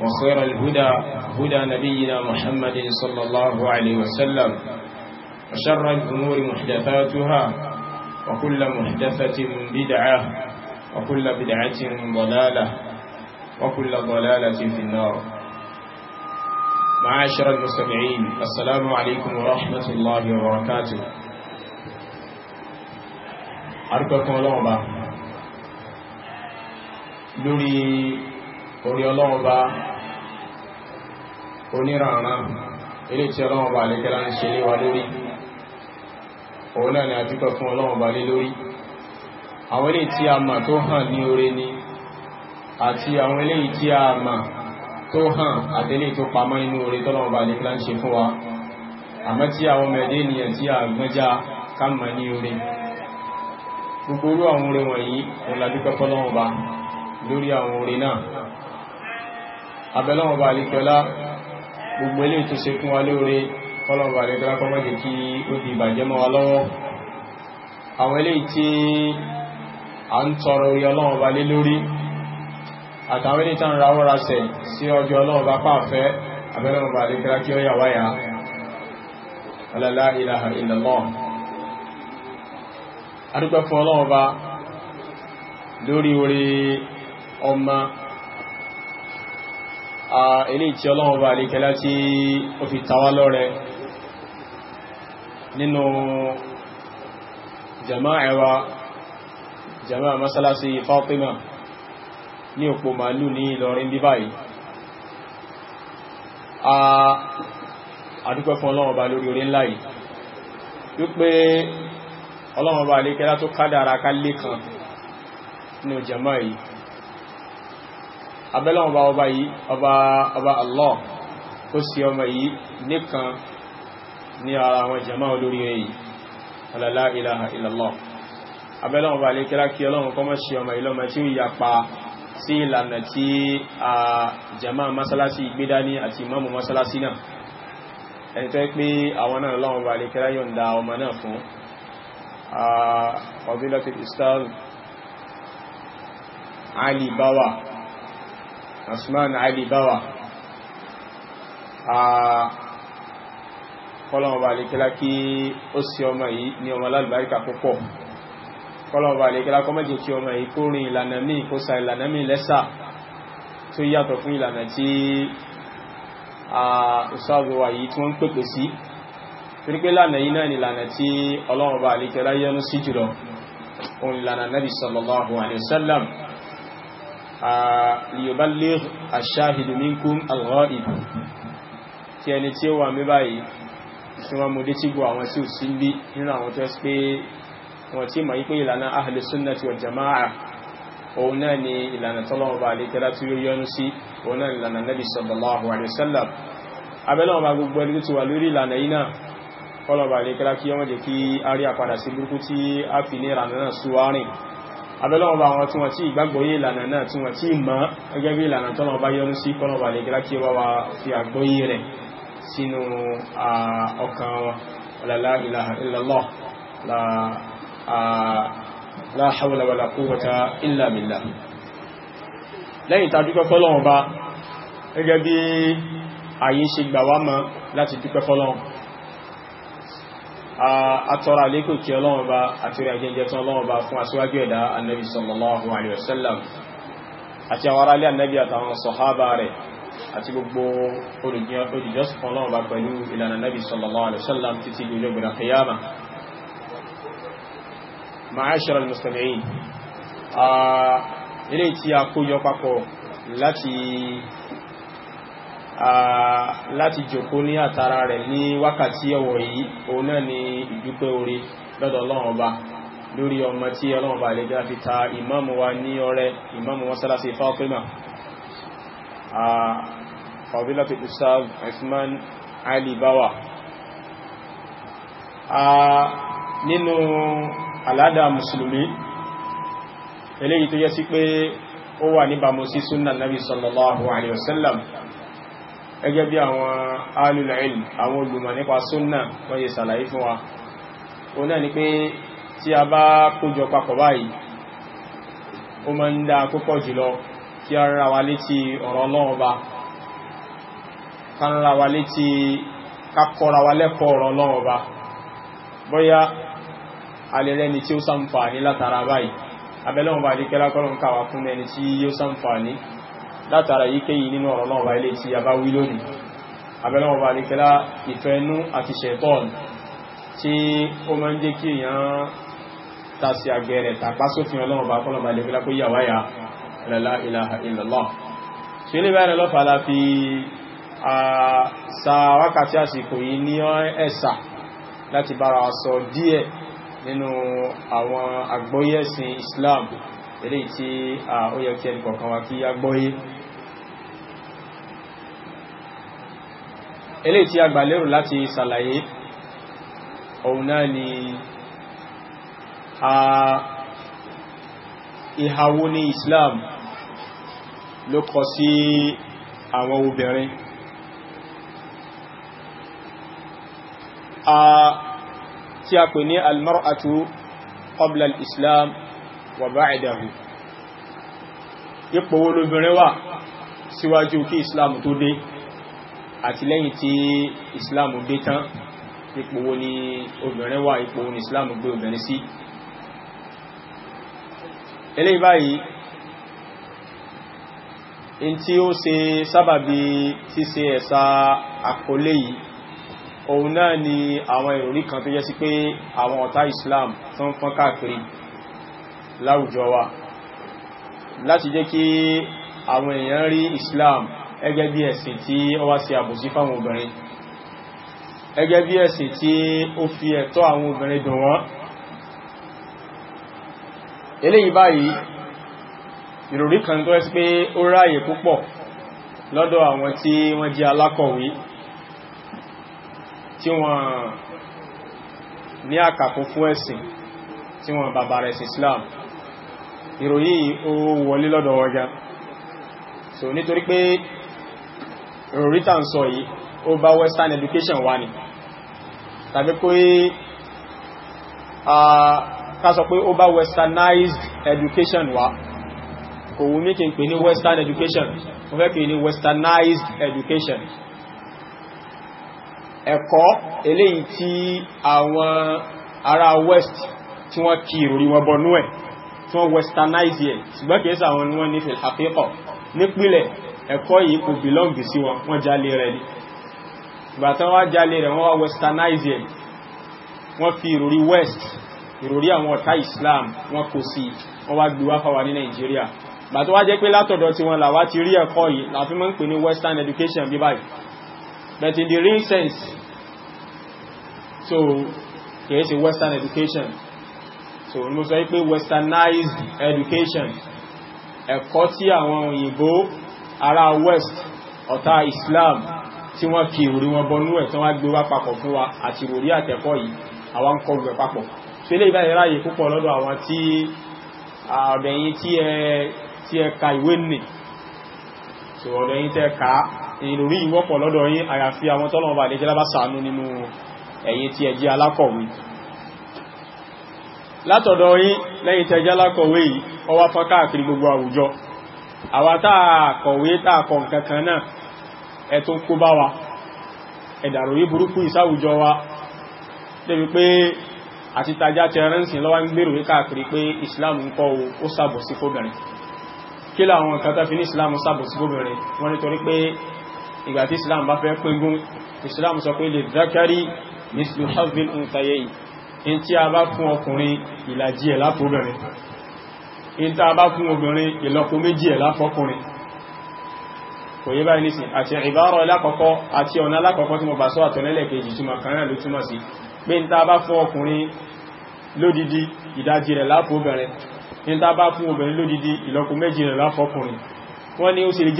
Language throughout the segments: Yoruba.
وخير الهدى هدى نبينا محمد صلى الله عليه وسلم وشر الأمور محدثاتها وكل محدثة بدعة وكل بدعة ضلالة وكل ضلالة في النار معاشر المستمعين السلام عليكم ورحمة الله وبركاته أرجوكم الله لوري orí ọlọ́ọ̀bá onírànà ilé tí ọlọ́ọ̀bá alẹ́kẹ́lá ń ṣe léwa lórí òun náà ni a dúpẹ́ fún ọlọ́ọ̀bá lé lórí àwọn ilé tí a mà tó hàn ní oore ni àti àwọn ilé tí a mà tó hàn àtẹ́lé tó pamọ́ nínú oore tọ́lọ́ọ̀bá alẹ́kẹ́lá ń ṣe fún wa àmọ́ tí àwọn mẹ́dé ènìyàn tí a gbọ́njá ká mọ̀ ní oore gbogbo orú àwọn oore wọ̀nyí òun lórí àwọn oore náà abẹ́lọ́wọ̀n bá lè kíọlá gbogbo ilé tó ṣe fún wa lóore kọlọ̀wọ̀n bá lè kíọlá kọmọ́dé kí ó di ìbàjẹ́ mọ́ wa lọ́wọ́ àwọn ilé tí a ń tọrọ orí ọlọ́wọ̀n bá lé lórí àtàwọn ilé tán ilé ìtí ọlọ́run bá alékẹ́lá tí ó fi tawà lọ́rẹ nínú jama'a wa jama'a masalasi Fatima ní òpó màálù ní Ìlọrin bí báyìí a àdúgbẹ́ fún ọlọ́run bá lórí orí ńlá yìí wípé ọlọ́run bá alékẹ́lá tó kádàrá ká lé kan nínú jama'a yìí abẹ́lẹ̀ ọba ọba yìí ọba ọba Allah ó sì ọmọ yìí nìkan ní ara àwọn jama olórí rẹ̀ yìí alàlá ilaha illallah abẹ́lẹ̀ ọba alékẹ́lá kí ọlọ́run kọ́mọ́ sí ọmọ ìlọ́mọ tí ó yapa sí ìlànà tí a jama masalasi gbédání àti imamu masalasi náà ẹni tó pé Ali Bawa Usman Ali Bawa ah, kọlọ̀ọ̀bà lèkẹ́lá kí ó sí ọmọ yìí ní ọmọ lálùbáríkà púpọ̀ kọlọ̀ọ̀bà lèkẹ́lá kọ́ mẹ́jẹ̀ kí ọmọ yìí kó rin ìlànà míì kó sa ìlànà míì lẹ́sà tó yàtọ̀ fún ìlànà tí ọ̀sáàzọwà ah, yìí tí wọ́n ń pèpè sí pírípé lànà yìí náà ni ìlànà liyuballigh ash-shahidu minkum al-ghaib tí ẹni tí ó wà mí báyìí tí wọ́n mú dé tí gbọ́ àwọn tí ò sí bí nínú àwọn tó pé wọ́n tí ma yí pé ìlànà ahlu sunnati wal jama'a òun náà ni ìlànà tọ́lọ́wọ́ bá lè tẹ́lá tí ó yọnu nabi sallallahu alaihi wasallam abẹ́lọ́wọ́ bá gbogbo ẹni tó ti wà lórí ìlànà yìí náà kọ́lọ̀ bá lè tẹ́lá abẹ́lọ́wọ́ bá wọn tí wọ́n tí ìgbàgbọ́yé ìlànà náà tí wọ́n tí mọ́ gẹ́gẹ́ bí ìlànà tọ́nà bá yọ́nú sí kọ́nà bá lè gẹ́lá kí wọ́n wá fi àgbọ́yé rẹ̀ sínú ọkàn wọn la ilaha atọ́ra lékò kí ọlọ́run bá àtúrí àjẹ́jẹ́ tán ọlọ́run bá fún aṣíwájú ẹ̀dá annabi sallallahu alaihi wasallam àti àwọn aráalé annabi àtàwọn sọ̀hábà rẹ̀ àti gbogbo olùjọ́sìn ọlọ́run bá pẹ̀lú ìlànà annabi sallallahu láti jòkó ní àtàrà rẹ̀ ní wákàtí ọ̀wọ̀ yìí òun náà ni ìdúpẹ́ orí lọ́dọ̀ ọlọ́run ọba lórí ọmọ tí ọlọ́run ọba àlejò fi ta ìmáàmù wa ní ọrẹ ìmáàmù mọ́sálásí Fatima fàbílàtí ustaz Usman Ali Bawa nínú aládà mùsùlùmí eléyìí tó yẹ sí pé ó wà níbàmú sí súnnà nabi sallallahu alaihi wasallam gẹ́gẹ́ bí àwọn alìlẹ̀ìlì àwọn olùmọ̀ nípa súnnà wọ́n yẹ sàlàyé fún wa o náà ni pé tí a bá kójọ papọ̀ báyìí ó máa ń dá púpọ̀ jùlọ kí a rárá wa létí ọ̀rọ̀ Ọlọ́run ba ká rárá wa létí kákọ́ra wa lẹ́kọ̀ọ́ ọ̀rọ̀ Ọlọ́run ba bóyá alẹ́rẹ́ ni tí ó ṣàǹfààní látara báyìí abẹ́lọ́run ba àdíkẹ́lá kọ́lọ̀ ń kàwà fún ẹni tí yóò ṣàǹfààní látara yíkéyìí nínú ọ̀rọ̀ náà wà ilé tí a bá wí lónìí abẹ́lọ́wọ́ bá níkẹ́lá ìfẹ́nú àti ṣẹ̀tọ́n tí ó mọ́ ń jẹ́ kí èyàn tàṣì àgbẹ̀rẹ̀ tàpá sófin ọlọ́run la ilaha illallah ṣe lè bẹ́rẹ̀ lọ́fà la fi sa wákàtí àsìkò yìí ní ẹ̀sà láti nínú àwọn àgbọ́yẹ̀sìn Islam eléyìí tí ó yẹ kí ẹnìkọ̀ọ̀kan wá kí agbọ́yé eléyìí tí a gbà lérò láti ṣàlàyé òun náà ni a ìhàwó ní Islam ló kọ sí àwọn obìnrin a tí a pè ní almar'atu qabla al-islam wa ba'dahu ipò wo wà síwájú kí Islam tó dé àti lẹ́yìn tí islam dé tán ipò wo ni obìnrin wà ipò wo ni islam gbé obìnrin sí eléyìí báyìí in tí ó ṣe sábàbí ṣíṣe ẹ̀sà àkọlé yìí òun náà ni àwọn ìròrí kan tó jẹ́ sí pé àwọn ọ̀tá islam tó ń fọ́n káàkiri láwùjọ wa láti jẹ́ kí àwọn èèyàn rí islam ẹgẹ́ bí ẹ̀sìn tí ó wá sí àbòsí fáwọn obìnrin ẹgẹ́ bí ẹ̀sìn tí ó fi ẹ̀tọ́ àwọn obìnrin dùn wọ́n eléyìí báyìí ìròrí kan tó ẹ́sí pé ó ráyè púpọ̀ lọ́dọ̀ àwọn tí wọ́n jẹ́ alákọ̀wé tí wọ́n ní àkàkùn fún ẹ̀sìn tí wọ́n bàbá rẹ̀ sí Islam ìròyìn ó wọlé lọ́dọ̀ wọn gan so nítorí pé rorita ń sọ yìí ó western education wá ní tàbí pé ah, ká sọ pé ó westernized education wa, kò wù mí kí n pè ní western education mo fẹ́ pè ní westernized education ẹ̀kọ́ eléyìí tí àwọn ara west tí wọ́n kí ìròrí wọn bọnú ẹ̀ tí wọ́n westernize ẹ̀ ṣùgbọ́n kìí sàwọn ni wọ́n ní fil haqiqa ẹ̀kọ́ yìí kò belong sí wọn wọ́n jálé rẹ̀ ni ìgbà tán wá jálé rẹ̀ wọ́n wá westernize ẹ̀ wọ́n fi ìròrí west ìròrí àwọn ọ̀tá Islam wọ́n kò sí wọ́n wá gbé wá fáwa ní Nàìjíríà ìgbà tó wá jẹ́ pé látọ̀dọ̀ tí wọn làwá ti rí ẹ̀kọ́ yìí láfi mọ́ ń pè ní western education bí báyìí but in the real sense so kìí ṣe western education so ní mo westernized education ẹ̀kọ́ tí àwọn òyìnbó ará west ọ̀tá islam tí wọ́n fi ìròrí wọn bọnú ẹ̀ tán wá gbé wá papọ̀ fún wa àti ìròrí àtẹ̀kọ́ yìí àwọn ń kọgbẹ̀ papọ̀ tí ilé ìbáyẹ̀ ráyè púpọ̀ lọ́dọ̀ àwọn tí ọ̀dẹ̀yìn tí ẹ ka ìwé nì tí ọ̀dẹ̀yìn tẹ́ ka ìròrí ìwọ́pọ̀ lọ́dọ̀ yín àyàfi àwọn tọ́lọ̀ ọba àlejẹ́ lábá sàánú nínú ẹ̀yin tí ẹ jẹ́ alákọ̀wé látọ̀dọ̀ yín lẹ́yìn tẹ́ jẹ́ alákọ̀wé yìí àwa táà kọ̀wé táà kọ̀ kankan náà ẹ tún kó bá wa ẹ̀dàrò yí burúkú ìsáwùjọ wa débi pé àti tajá tẹrẹnsì lọ́wọ́ ń gbèrò wí káàkiri pé Islam ń kọ́ ó sàbòsí fóbìnrin kí láwọn nǹkan fi ní Islam sàbòsí fóbìnrin wọ́n nítorí pé ìgbà Islam bá fẹ́ Islam sọ pé lè dákárí mislu hazbil ń tayé yìí in ìta bá fún obìnrin ìlọ́po méjì ẹ̀ láfọ́kùnrin kò yé báyìí nìsìn àti ìbárọ̀ lákọ̀ọ́kọ́ àti ọ̀nà alákọ̀ọ́kọ́ tí mo bà sọ àtọ̀lẹ́lẹ̀ kejì túnmà kanáà ló túnmà sí pé ń ta bá fún ọkùnrin lódidi ìdajì rẹ̀ láfọ́ obìnrin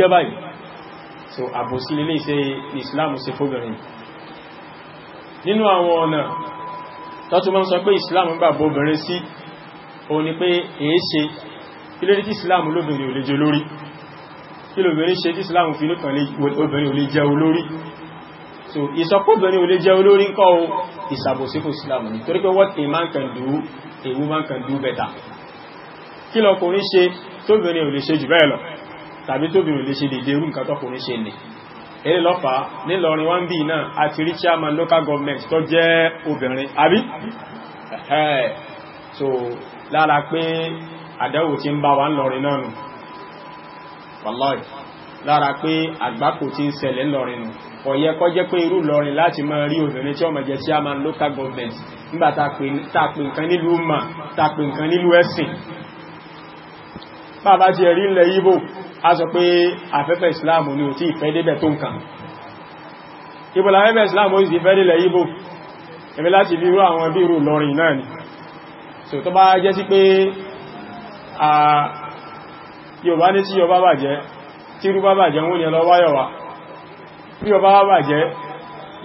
ń ta so àbòsí lè ṣe Islam ṣe fóbìnrin nínú àwọn ọ̀nà tọ́tún mọ́ Islam gbà bóbìnrin sí òun ni pé èé ṣe kí ló dé tí islam lóbìnrin ò lè jẹ olórí kí lóbìnrin ṣe tí islam fi lókàn obìnrin ò lè jẹ olórí so ìsọpọ̀bìnrin ò lè jẹ olórí ń kọ́ ìsàbòsí fún islam ní torí what a man can do a woman can do better kí lọkùnrin ṣe tóbìnrin ò lè ṣe jù bẹ́ẹ̀ lọ tàbí tóbìnrin ò lè ṣe dédé irú nǹkan tọkùnrin ṣe ní èyí lọ́fà nílọrin wọ́n bí náà àti rí chairman local government tó jẹ́ obìnrin àbí so lára pé àdáwò tí ń bá wa ń lọrin náà nù wàláì lára pé àgbákò tí ń ṣẹlẹ̀ ńlọrin nù ó yẹ jẹ́ pé irú lọrin láti máa rí obìnrin tí ó máa jẹ local government nígbà tá a pè nǹkan nílùú mà tá a pè nǹkan nílùú ẹ̀sìn bàbá ti ẹ̀rí ilẹ̀ Ìgbò a sọ pé afẹ́fẹ́ ìsìláàmù ni ò tí ìfẹ́ débẹ̀ tó nǹkan ìbò láfẹ́fẹ́ ìsìláàmù ó sì fẹ́ délẹ̀ Ìgbò ẹ̀mí láti bí irú àwọn bí irú lọrin náà ni so tó bá jẹ́ sí pé yọba ní tí yọba bàjẹ́ tí rú bá bàjẹ́ wọ́n yẹ lọ wáyọ̀wá bí yọba wá bàjẹ́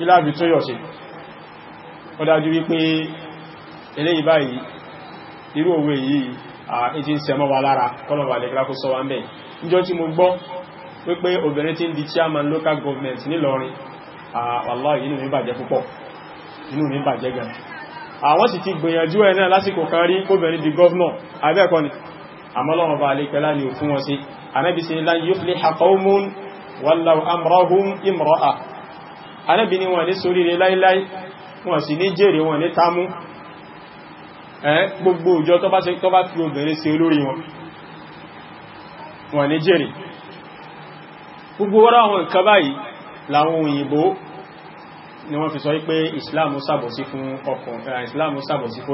ilábi tó yọ̀ sí ó dájú wípé eléyìí báyìí irú òwe yìí ètí ń sẹmọ́ wa lára kọlọ̀wà lè gráfó sọ wa ń bẹ̀ níjọ́ tí mo gbọ́ wípé obìnrin tí ń di chairman local government nílọrin wallahi inú mi bàjẹ́ púpọ̀ inú mi bàjẹ́ gan àwọn sì ti gbìyànjú ẹ̀ náà lásìkò kan rí kóbìnrin di governor abẹ́ẹ̀kọ́ ni àmọ́lọ́wọ́ bá alékẹ́lá ni ò fún wọn sí anábi sí lan yufliha qawmun wallaw amrahum imra'a anábi ni wọ́n ní sórí rẹ̀ láíláí wọ́n sì ní jèrè wọ́n ní támú gbogbo òjò tó bá ṣe tó bá fi obìnrin sí olórí wọn wọ́n ní jèrè gbogbo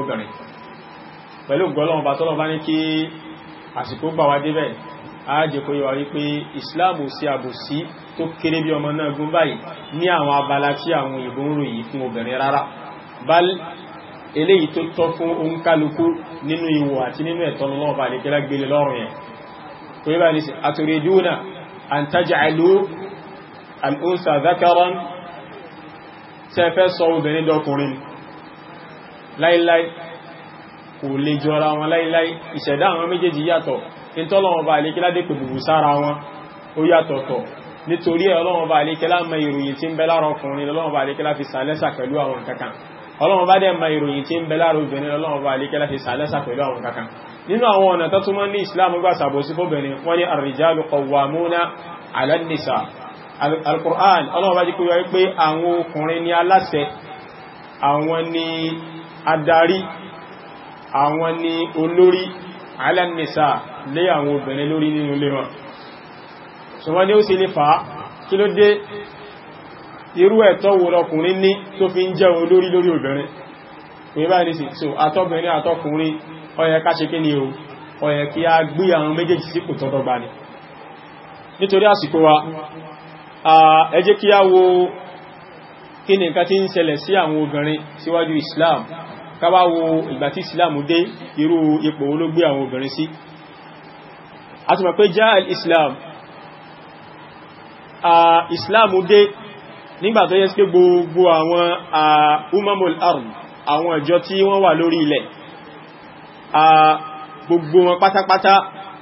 wọ́n pẹ̀lú gbọ́lọ́wọ́n bá tọ́lọ́ ní kí àsìkò bá wa débẹ̀ ààjẹ́kọ́ yíwa wípé ìsìláàmù sí àbòsí tó kéré bí ọmọ náà gún báyìí ní àwọn abala tí àwọn òyìnbó ń ròyìn fún obìnrin rárá bá eléyìí tó tọ́ fún oúnkálukú nínú ìwò àti nínú ẹ̀tọ́ lọ́wọ́ kò lè jọra wọn láíláí ìṣẹ̀dá àwọn méjèèjì yàtọ̀ nítọ́lọ́wọ́n bá àlékẹ́lá dé pẹ̀lú sára wọn ó yàtọ̀tọ̀ nítorí ẹ̀ ọlọ́wọ́n bá àlékẹ́lá mọ ìròyìn tí ń bẹ lára ọkùnrin ọlọ́wọ́n al-Qur'an ọlọ́wọ́n bá jí kó yọ pé àwọn ọkùnrin ni aláṣẹ àwọn ni adarí àwọn ni olórí alánìsà lé àwọn obìnrin lórí nínú ilé wọn so wọ́n ni ó sì lè fàá kí ló dé irú ẹ̀tọ́ wo lọkùnrin ní tó fi ń jẹ́ olórí lórí obìnrin pé báyìí ní sí so àtọkùnrin àtọkùnrin ó yẹ kí ni o ó yẹ kí a gbé àwọn méjèèjì sípò tọ́tọ́gbà ni nítorí àsìkò wa ẹ jẹ́ kí a wo kí ni nǹkan tí ń ṣẹlẹ̀ sí àwọn obìnrin síwájú Islam káwá wo ìgbà tí islam dé irú ipò olóògbé àwọn obìnrin sí a ti mọ̀ pé já islam a islam dé nígbà tó yẹ sí pé gbogbo àwọn a umamul arm àwọn ìjọ tí wọ́n wà lórí ilẹ̀ a gbogbo wọn pátápátá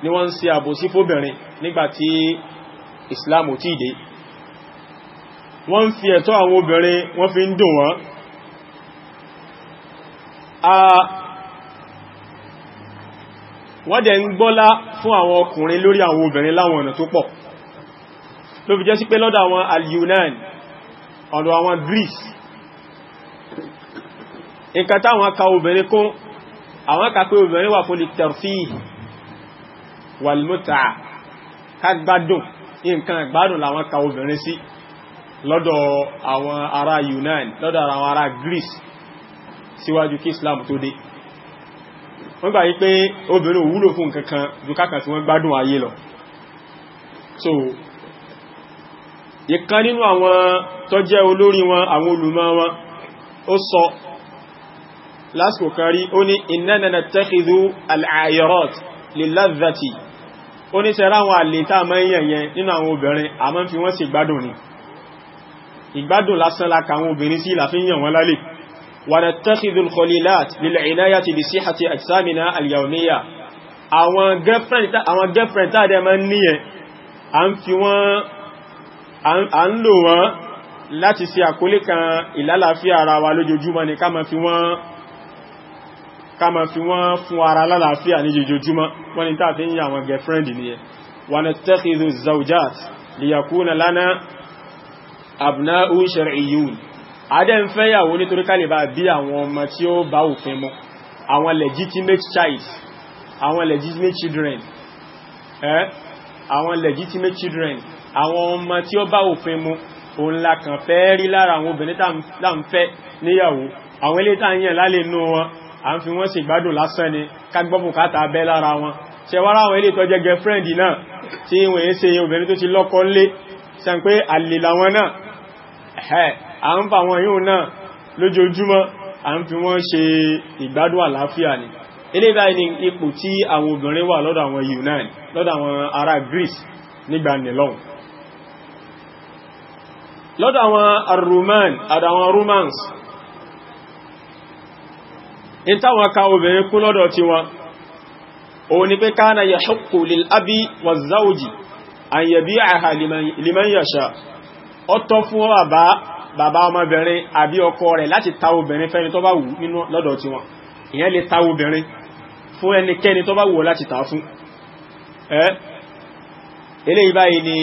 ni wọ́n ń ṣe àbòsí fóbìnrin nígbà tí islam ò tí dé wọ́n fi ẹ̀tọ́ àwọn obìnrin wọ́n fi ń dùn wọ́n wọ́n dẹ̀ ń gbọ́lá fún àwọn ọkùnrin lórí àwọn obìnrin láwọn ọ̀nà tó pọ̀ ló fi jẹ́ sí pé lọ́dọ̀ àwọn al-Yunan ọ̀dọ̀ àwọn Greece nǹkan táwọn ka obìnrin kún àwọn kà pé obìnrin wà fún litarfih wal-mut'a kágbádùn nǹkan àgbádùn làwọn ka obìnrin sí lọ́dọ̀ àwọn ará Yunan Greece síwájú kí islam tó dé wọ́n gbà yí pé obìnrin ò wúlò fún nǹkan kan tí wọ́n gbádùn ayé lọ so ìkan nínú àwọn tó jẹ́ olórí wọn àwọn olùmọ̀ wọn ó sọ lásìkò kan rí ó ní innana nattakhidhu al-ayrat lil-ladhati ó ní sẹ́rá àwọn àlètà mẹ́yẹ̀yẹn nínú àwọn obìnrin àmọ́ fi wọ́n sì gbádùn ni ìgbádùn lásán la kàwọn obìnrin sí ìlàfíyàn wọn lálẹ́ ونتخذ الخليلات للعناية بصحة أجسامنا اليومية àwọn girlfriend àwọn girlfriend tá dẹ̀ ma ń ní ẹ̀ a ń fi wọ́n a ń lò wọ́n láti ṣe àkólé kan ìlàlàáfíà ara wa lójoojúmọ́ ni ká ma fi wọ́n fún ara lálàáfíà ní jojoojúmọ́ wọ́n ni tàbí ń yà àwọn girlfriend ní ẹ̀ ونتخذ الزوجات ليكون لنا أبناء شرعيون adẹ́ ń fẹ́yàwó nítorí ká lè bá bí àwọn ọmọ tí ó bá òfin mọ́ àwọn legitimate child àwọn legitimate children eh? àwọn legitimate children àwọn ọmọ tí ó bá òfin mọ́ òun la kàn fẹ́ rí lára àwọn obìnrin tá ń fẹ́ níyàwó àwọn ilé tá ń yàn lálẹ́ inú wọn à ń fi wọ́n sì gbádùn lásán ni ká gbọ́ bùkátà abẹ́ lára wọn ṣe wá ráwọn ilé ìtọ́jẹ́ girlfriend náà tí wọ́n ń ṣe obìnrin tó ti lọ́kọ lé sàn pé àlè làwọn náà à ń fa wọn yóò náà lójoojúmọ́ à ń fi wọ́n ṣe ìgbádùn àlàáfíà ni ilé ni ipò tí àwọn obìnrin wà lọ́dọ̀ àwọn Yunani lọ́dọ̀ àwọn ará Greece nígbà nìlọ́un lọ́dọ̀ àwọn Roman àdàwọn Romans in táwọn ka obìnrin kú lọ́dọ̀ tí wọn òun ni pé kana yahuqqu lil abi wa zawji an yabi'aha liman yasha ọ̀tọ̀ fún bàbá bàbá ọmọbìnrin àbí ọkọ rẹ̀ láti ta obìnrin fẹ́ni tó bá wù nínú lọ́dọ̀ tí wọn ìyẹn lè ta obìnrin fún ẹnikẹ́ni tó bá wù láti ta fún ẹ́ eléyìí báyìí ni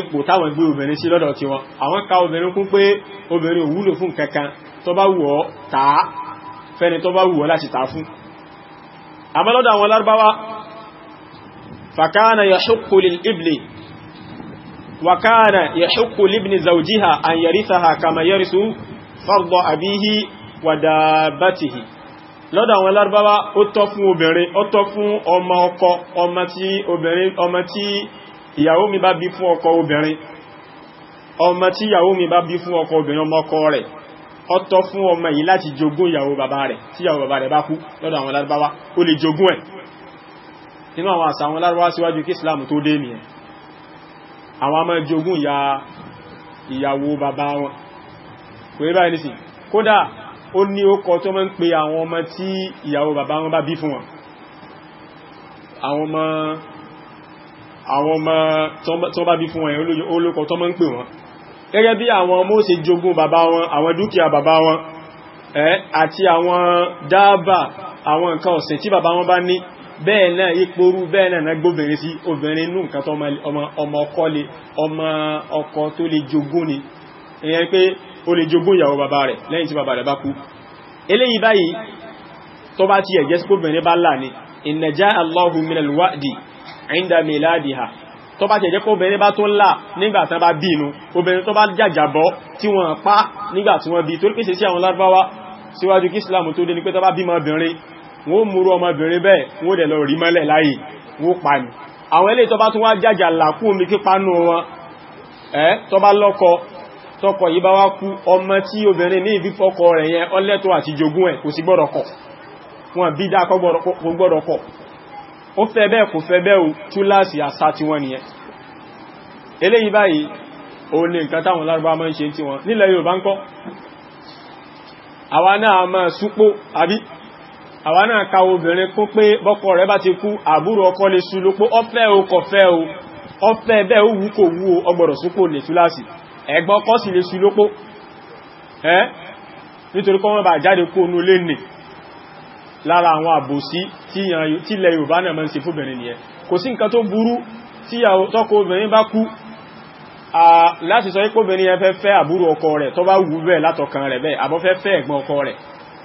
ipò táwọn gbé obìnrin sí lọ́dọ̀ tí wọn àwọn ka obìnrin kún pé obìnrin ò fún kankan tó bá wù ọ́ ta fẹ́ni tó bá wù ọ́ láti ta fún àmọ́ àwọn lárúbáwá fàkánà yashukku lil ibli وكان يحق لابن زوجها أن يرثها كما يرث فرض أبيه ودابته lọ́dọ̀ àwọn lárúbáwá ó tọ́ fún obìnrin ó tọ́ fún ọmọ ọkọ ọmọ tí obìnrin ọmọ tí ìyàwó mi bá bí fún ọkọ obìnrin ọmọ tí ìyàwó mi bá bí fún ọkọ obìnrin ọmọ ọkọ rẹ̀ ó tọ́ fún ọmọ yìí láti jogún ìyàwó bàbá rẹ̀ tí ìyàwó bàbá rẹ̀ bá kú lọ́dọ̀ àwọn lárúbáwá ó lè jogún ẹ̀ àwọn a máa jogún ìyá ìyàwó bàbá wọn kò rí báyìí nìsìn kódà ó ní ó kọ tó máa ń pe àwọn ọmọ tí ìyàwó bàbá wọn bá bí fún wọn àwọn ọmọ àwọn ọmọ tó bá bí fún wọn olókọ tó máa ń pè wọn gẹ́gẹ́ bí àwọn ọmọ ó ṣe bàbá wọn àwọn dúkìá bàbá wọn àti àwọn dáàbà àwọn nǹkan ọ̀sìn tí bàbá wọn bá ní bẹ́ẹ̀ náà iporu bẹ́ẹ̀ náà gbóbìnrin sí obìnrin inú nǹkan tó ọmọ ọkọ lè ọmọ ọkọ tó lè jogún ni èyàn pé ó lè jogún ìyàwó bàbá rẹ̀ lẹ́yìn tí bàbá rẹ̀ bá kú eléyìí báyìí tó bá ti ẹ̀jẹ́ sí obìnrin bá là ní inna ja'a Allahu minal wa'di 'inda miladiha tó bá tẹ̀jẹ́ kóbìnrin bá tó ńlá nígbàtán bá bí inú obìnrin tó bá jàjàbọ́ tí wọ́n pa nígbàtí wọ́n bí torí pèsè sí àwọn lárúbáwá síwájú kí Islam wọ́n múrú ọmọbìnrin bẹ́ẹ̀ wọ́n dẹ̀ lọ rí mọ́lẹ̀ láyé wọ́n pa ní àwọn ilé tó bá tún wá jàjà làkú omi kí pánú wọn ẹ́ tó bá lọ́kọ tọkọ yìí bá wá kú ọmọ tí obìnrin ní ibi fọ́kọ rẹ̀ yẹn ọlẹ́tọ́ àti jogún ẹ̀ kò sí gbọ́dọ̀ kọ̀ wọn bí dákọ́ gbọ́dọ̀ kọ̀ ó fẹ́ bẹ́ẹ̀ kò fẹ́ bẹ́ẹ̀ túláàsì àṣà náà máa súpó àbí àwa náà ka obìnrin kó pé bọ́kọ rẹ̀ bá ti kú àbúrò ọkọ lè sú lópó ọfẹ́ o kọfẹ́ o ọfẹ́ bẹ́ẹ̀ ó wú kò wú o ọgbọ̀rọ̀ súnkò lè túláàsì ẹ̀gbọ́n ọkọ sì lè sú lópó ẹ́ nítorí kọ́ wọ́n bá jáde kó onú lé nì lára àwọn àbòsí tí ilẹ̀ Yorùbá náà máa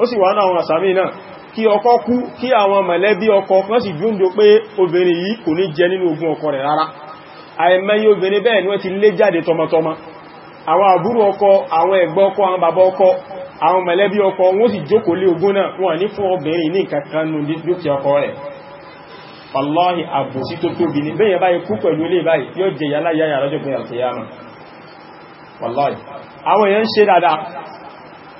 ó sì wà náà àwọn àsàmì náà kí ọkọ kú kí àwọn mọ̀lẹ́bí ọkọ kan sì júndò pé obìnrin yìí kò ní jẹ nínú ogún ọkọ rẹ̀ rárá àìmẹ́yí obìnrin bẹ́ẹ̀ ni wọ́n ti lé jáde tọmọtọmọ àwọn àbúrò ọkọ àwọn ẹ̀gbọ́n ọkọ àwọn bàbá ọkọ àwọn mọ̀lẹ́bí Wallahi àbòsí tó tóbi ní bẹ́yẹn báyìí kú pẹ̀lú ilé báyìí yóò jẹ yálà Wallahi àwọn èèyàn ń ṣe dáadáa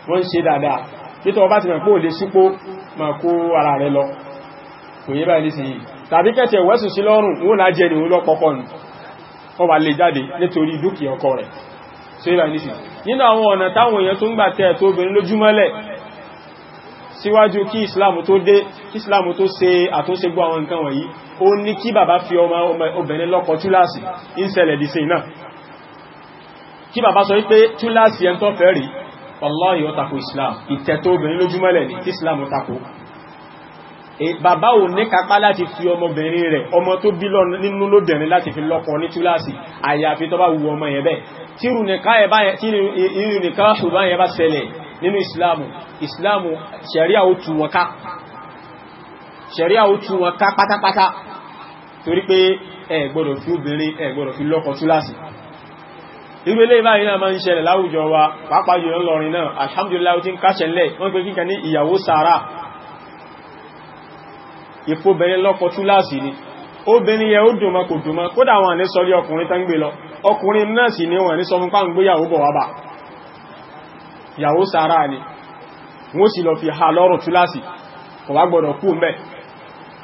wọ́n ń ṣe dáadáa títọ́ ọba ti mọ̀ pé ò lè sípò ma kó ara rẹ lọ kò yé báyìí sí yìí tàbí kẹ́tẹ̀ wẹ́sùn sí lọ́rùn wọ́n náà jẹ́ ìwọ́n lọ́pọ̀pọ̀ nù wọ́n wà lè jáde nítorí dúkìá ọkọ rẹ̀ sí báyìí sí nínú àwọn ọ̀nà táwọn èèyàn tó ń gbà tẹ́ tó obìnrin lójúmọ́lẹ̀ síwájú Allah ó tako islam ìtẹ̀tọ́ obìnrin lójúmọ́lẹ̀ ní islam ó tako e, bàbá ò ní kápá láti fi ọmọbìnrin rẹ̀ ọmọ tó bí nínú lóbìnrin láti fi lọ́kọ ní túláàsì àyàfi tó bá wu ọmọ yẹn bẹ́ẹ̀ tí irú islamu islamu ṣẹ̀ríà ó tú wọn ká ṣẹ̀ríà ó tú wọn ká pátápátá torí pé ẹ gbọ́dọ̀ fi obìnrin ẹ gbọ́dọ̀ fi lọ́kọ túláàsì irú ilé ìbáyìí náà máa ń ṣẹlẹ̀ láwùjọ wa pàápàá jùlọ lọrin náà alhamdulillah tí ń káṣẹlẹ̀ wọ́n pè kíkà ní ìyàwó sàárà ìfóbẹ̀rẹ̀ lọ́kọ túláàsì ni obìnrin yẹ ó dùnmọ́ kò dùnmọ́ kódà wọn ní sọrí ọkùnrin tán gbé lọ ọkùnrin náà sì ní wọn ní sọ fún páńgbé yàwó bọ̀ wábà ìyàwó sàárà ni wọ́n sì lọ fi ha lọ́rùn túláàsì kò wá gbọ́dọ̀ kú mẹ́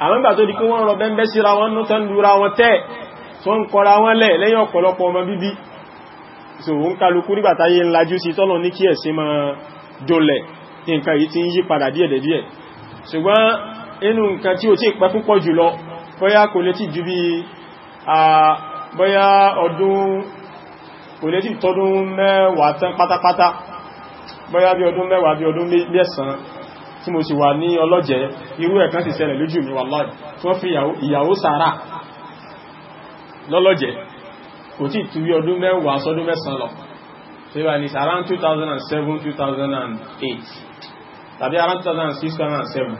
àwọn ìgbà tó di kí wọ́n rọ bẹ́ńbẹ́ síra wọn nú tán lura wọn tẹ́ tó ń kọra wọn lẹ̀ lẹ́yìn ọ̀pọ̀lọpọ̀ ọmọ bíbí so ń kálukú nígbàtáyé ńlájú sí tọ́lọ̀ ní kí ẹ̀sìn máa dolẹ̀ nǹkan yìí ti ń yí padà díẹ̀dẹ̀díẹ̀ ṣùgbọ́n inú nǹkan tí ó ti pẹ́ púpọ̀ jùlọ bóyá kò lè ti ju bí bóyá ọdún kò lè ti tọdún mẹ́wàá tán pátápátá bóyá bí ọdún mẹ́wàá bí ọdún mẹ́sàn tí mo sì wà ní ọlọ́jẹ́ irú ẹ̀ kan kò tí tó bí ọdún mẹ́wàá sọ́dún mẹ́sàn lọ so ibà ní around 2007-2008 tàbí around 2006-2007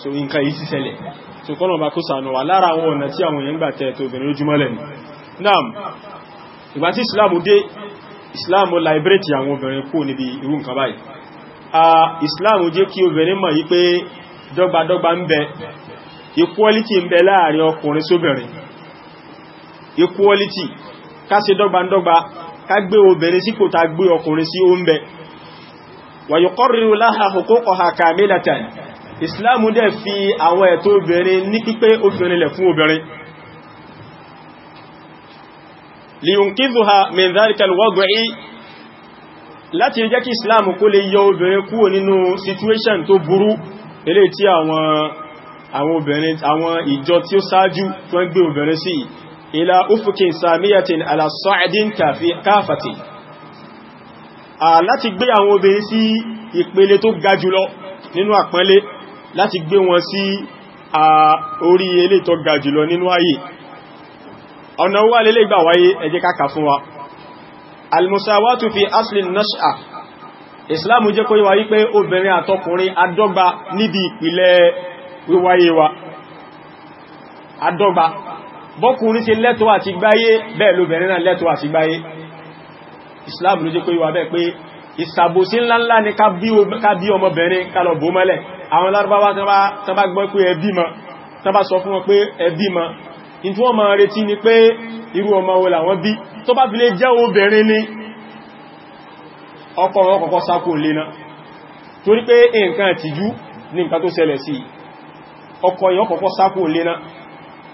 so nǹkan yìí ti ṣẹlẹ̀ so kọ́nà bá kó sànà wà lára àwọn ọ̀nà tí àwọn èèyàn gbà tẹ́ tó obìnrin lójúmọ́ lẹ́nu naam ìgbà tí islam dé islam liberate àwọn obìnrin kú níbi irú nǹkan báyìí islam jẹ́ kí obìnrin equality ń bẹ láàrin ọkùnrin sóbìnrin equality ká ṣe dọ́gbandọ́gba ká gbé obìnrin sípò tá gbé ọkùnrin sí ó ń bẹ wa yuqarriru laha huquqaha kamilatan ìsìláàmù dẹ̀ fi àwọn ẹ̀tọ́ obìnrin ní pípé obìnrin lẹ̀ fún obìnrin liyunqidhuha min dhalika alwad'i láti jẹ́ kí situation tó burú eléyìí tí àwọn obìnrin àwọn ìjọ tí ó ṣáájú tó ń gbé obìnrin sí ila ufukin samiyatin ala sa'adin kafati a láti gbé àwọn obìnrin sí ìpele tó ga jùlọ nínú àpọ́nlé láti gbé wọn sí a orí ilé tó ga jùlọ nínú ayé ọ̀nà wà lélé ìgbà wáyé ẹ jẹ́ ká kà fún wa almusawatu fi aslin nash'a islam jẹ́ kó yíwa wípé obìnrin àtọkùnrin adọ́gba níbi ìpìlẹ̀ wíwáyé wa adọ́gba bọ́kùnrin ṣe lẹ́tọ́ àti gbáyé bẹ́ẹ̀ lóbìnrin náà lẹ́tọ́ àti gbáyé Islam ló jẹ́ pé wà bẹ́ẹ̀ pé ìsàbòsí ńláńlá ni ká bí ọmọbìnrin kálọ̀ bó mẹ́lẹ̀ àwọn lárúbáwá tán bá gbọ́ pé ẹbí mọ́ tán bá sọ fún wọn pé ẹbí mọ́ in tí wọ́n máa retí ni pé irú ọmọ wo làwọn bí tó nǹkan tó ṣẹlẹ̀ sí ọkọ yẹn sákò lè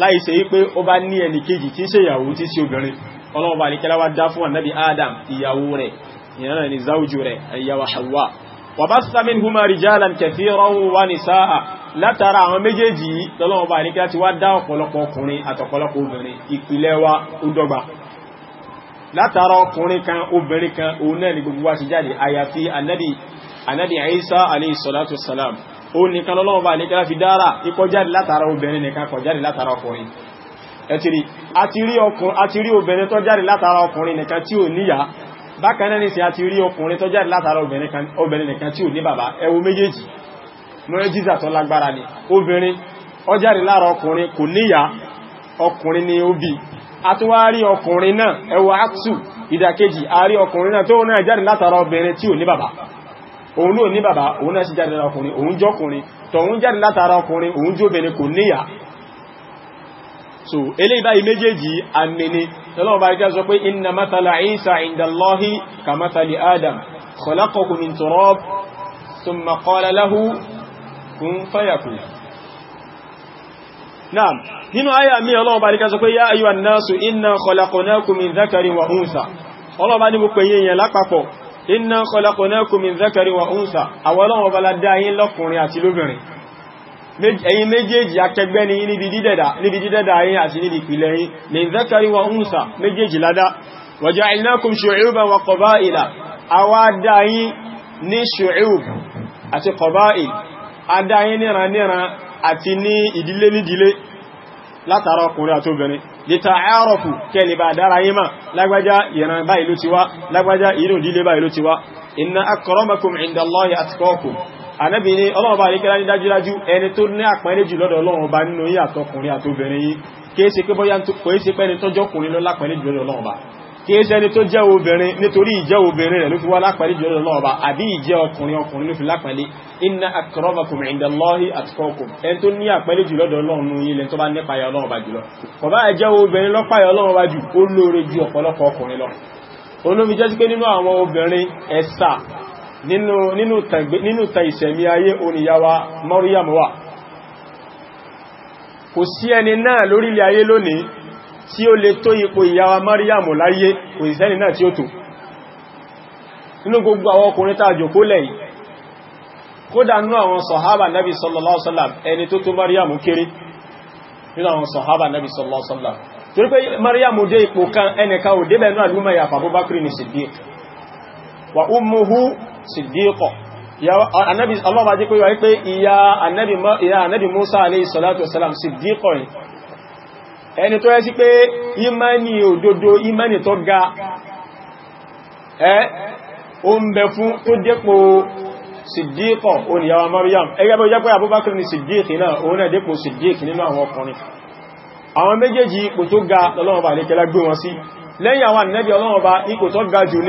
láìṣe wípé ó bá ní ẹnì kejì tí ṣe ìyàwó tí ṣe obìnrin ọlọ́run bá nìkẹ́lá wá dá fún ànábì adam ìyàwó rẹ̀ ìyàwó rẹ̀ ni záwùjú rẹ̀ ìyàwó hawa wa bassa minhuma rijalan kathiran wa nisaa látara àwọn méjèèjì lọ́lọ́run bá nìkẹ́lá ti wá dá ọ̀pọ̀lọpọ̀ ó nìkan lọ́lọ́wọ́ bá nìkan fi dára ikọjáde látara obìnrin nìkan kọjáde látara ọkùnrin ẹ̀tìrí àti rí obìnrin tó jáde látara ọkùnrin nìkan tí ò níyà bákan náà nìsí àti rí ọkùnrin tó jáde látara obìnrin nìkan tí ò ní bàbá ẹ wo méjèèjì mọ́ẹ́jíza tó lágbára ni obìnrin ó jáde lára ọkùnrin kò níyà ọkùnrin ni ó bí àtúwárí ọkùnrin náà ẹ wo àtù ìdàkejì àárí ọkùnrin náà tó náà jáde látara obìnrin tí ò ní bàbá òun ló ní bàbá òun náà sì jáde lára ọkùnrin òun jọkùnrin tọ̀hún jáde látara ọkùnrin òun jóbìnrin kò níyà so eléyìí báyìí méjèèjì àmìnì lọ́wọ́ bá ikẹ́ sọ pé inna matala isa indallahi ka matali adam khalaqahu min turab thumma qala lahu kun fayakun naam nínú àyà mi ọlọ́wọ́ bá ikẹ́ sọ pé ya ayyuhan nasu ní mo pè yẹn lápapọ̀ inna khalaqnakum min dhakari wa unsa àwọlọ́wọ́ bala dáyín lọ́kùnrin àti lóbìnrin ẹ̀yin méjèèjì akẹgbẹ́ ni níbi dídẹ̀dà yín àti níbi ìpìlẹ̀ yín min dhakari wa unsa méjèèjì ládá wa ja'alnakum lítàárọ̀fù kẹlì bá dára yí máa lágbàjá ìran báyìí ló ti wá lágbàjá ìlú dílé báyìí ló ti wá inna akramakum inda Allahi atqakum ànábì ní Ọlọ́run bá ríkẹ́lá ní dájúdájú ẹni tó ní àpẹẹrẹ jù lọ́dọ̀ Ọlọ́run bá nínú yí àtọkùnrin àtobìnrin yí kìí ṣẹni tó jẹ́ obìnrin nítorí ìjẹ́ obìnrin rẹ̀ ló fi wá lápàálí jùlọ lọ́wọ́ ọba àbí ìjẹ́ ọkùnrin ọkùnrin ló fi lápàálí inna akramakum indallahi atqakum ẹni tó ní àpẹ́lé jùlọ lọ́nà ilẹ̀ tó bá nípa yọ lọ́wọ́ ọba jùlọ kọ̀bá ẹjẹ́ obìnrin lọ́pàá lọ́wọ́ ọba jù ó lóore ju ọ̀pọ̀lọpọ̀ ọkùnrin lọ olómi jẹ́ sí pé tí ó lè tó ipò ìyàwó Maryam láyé kò ìsẹ́ni náà tí ó tó inú gbogbo àwọn ọkùnrin tàà kó lẹ́yìn kódà nú àwọn sọ̀hábà nabi sallallahu alaihi wasallam ẹni tó tó Maryam kéré nabi sallallahu alaihi wasallam torí pé Maryam dé ipò kan ẹnìkan ò débẹ̀ náà lúmọ̀ ìyàfà Abubakar ni Siddiq wa ummuhu Siddiqah Ọlọ́run bá jẹ́ pé wà Musa alayhi salatu wasalam Siddiqah ẹni tó yẹ sí pé ìmánì òdodo ìmánì tó ga ẹ́ o ń bẹ fún tó dépò siddiqo oníyàwó Maryam ẹgbẹ́ bó jẹ́ pé Abubakar ni siddiqi náà òun náà dépò siddiqi nínú àwọn ọkùnrin àwọn méjèèjì ipò tó ga lọ́lọ́wọ́ bá lékẹ́lá gbé wọn sí lẹ́yìn àwọn ànábì Ọlọ́run bá ipò tó ga jù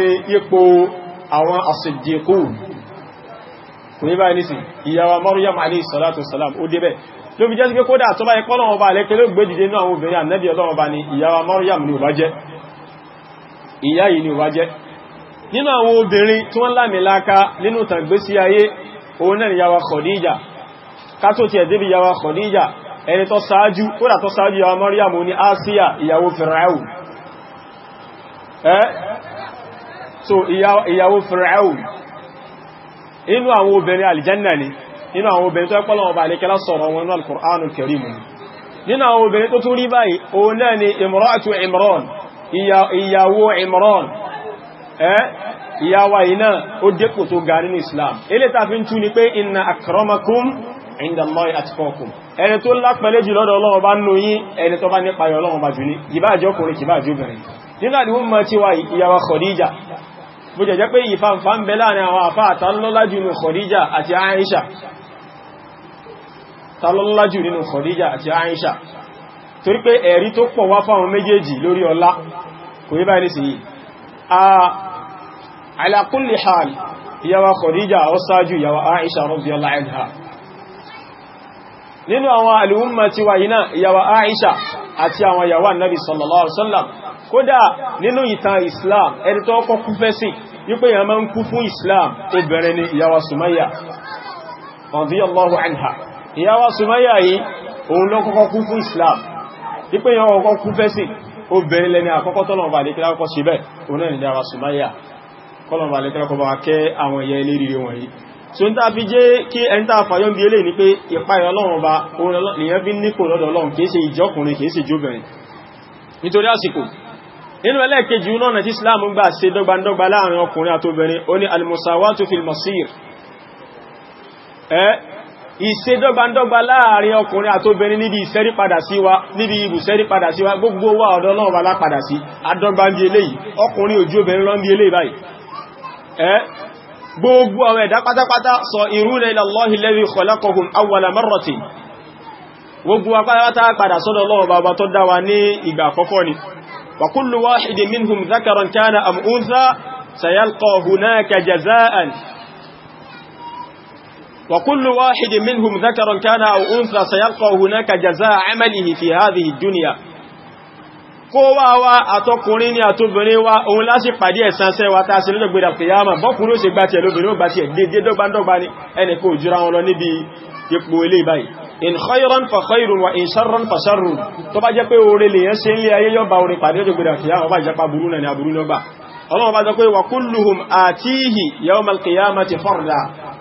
salatu wassalam ó ló fi jẹ́ sí pé kódà tó bá yẹ kọ́ lọ́wọ́ bá lẹ́kẹ́ ló gbédìde náà àwọn obìnrin ànẹ́bí ọlọ́wọ́ bá ní ìyàwó Maryam ni ò bá jẹ́ ìyá yìí ni ò bá jẹ́ nínú àwọn obìnrin tí wọ́n lámìláka nínú tàgbésí ayé òun náà ìyàwó Khadija kátó ti ẹ̀dẹ́bí ìyàwó Khadija ẹni tó sáájú kódà tó sáájú àwọn obìnrin aljanna ni nínú àwọn obìnrin tó pọ́lọ̀ ọba àlékẹ́lá sọ̀rọ̀ wọn náà Al-Qur'anul Karim nínú àwọn obìnrin tó tún rí báyìí òun náà ni imra'atu Imran ìyàwó Imran ìyàwó iná ó dépò tó ga nínú Islam ilé ta fi ń tú ni pé inna akramakum inda Allahi atqakum ẹni tó lápẹlẹ́ jù lọ́dọ̀ Ọlọ́run bó jẹ́ pé ìfàǹfà ń bẹ láàrin àwọn àfáà tán lọ́lájú ní Khadija àti Aisha talọ́lájù nínú Khadija àti Aisha torí pé ẹ̀rí tó pọ̀ wá fáwọn méjèèjì lórí ọlá kò yí báyìí sí yìí ala kulli hal ìyàwó Khadija ó ṣáájú ìyàwó Aisha radiyallahu anha nínú àwọn al'umma ti wà yína ìyàwó Aisha àti àwọn ìyàwó annabi sallallahu alaihi wasallam kódà nínú ìtàn Islam ẹni tó kọ́ kú fẹ́ sí wípé ìyáwá Sumayya yìí òun ló kọ́kọ́ kú fún Islam ipé yàn ọkọ́ kú fẹ́sì obìnrin lẹ́ni àkọ́kọ́ tọ́lọ̀mọ̀bà lẹ́kẹ́lá kọ́kọ́ sí bẹ́ẹ̀ òun náà ìyáwá Sumayya kọ́lọ̀mọ̀bà lẹ́kẹ́lá kọ́ bá kẹ́ àwọn ẹ̀yẹ ilé rere wọ̀nyí so n ta ni pé ìpayọ̀ Ọlọ́run ba nìyẹn fi nípò lọ́dọ̀ Ọlọ́run kìí ṣe ìjọkùnrin kìí ṣe jóbìnrin nítorí àsìkò nínú ẹlẹ́ẹ̀kejì náà tí Islam gbà ṣe dọ́gbandọ́gba ní almusawatu fil masir ìṣedọ́gbandọ́gba láàrin ọkùnrin àtóbìnrin níbi ìṣẹ́rí padà sí wa níbi ìbùsẹ́rí padà sí wa gbogbo wa ọ̀dọ̀ náà wà lápadà sí adọ́gba ń bí eléyìí ọkùnrin ojú obìnrin lọ ń bí eléyìí báyìí gbogbo àwọn ẹ̀dá pátápátá sọ iruna وكل واحد منهم ذكر كان أو أنثى سيلقى هناك جزاء عمله في هذه الدنيا kowa wa àtọkùnrin ni àtobìnrin wa òun láti pàdé ẹ̀san ṣẹ́ wa tá ṣe lọ́jọ́ gbẹ̀dà kìyàmà bọ́kùnrin ó ṣe gbá ti ẹ̀lóbìnrin ó gbá ti ẹ̀dẹ́dẹ́ dọ́gbandọ́gba ni ẹnìkó òjúra wọn lọ níbi ipò ilé báyìí in khairan fa khairun wa in sharran fa sharrun tó bá jẹ́ pé oore lè yẹn ṣe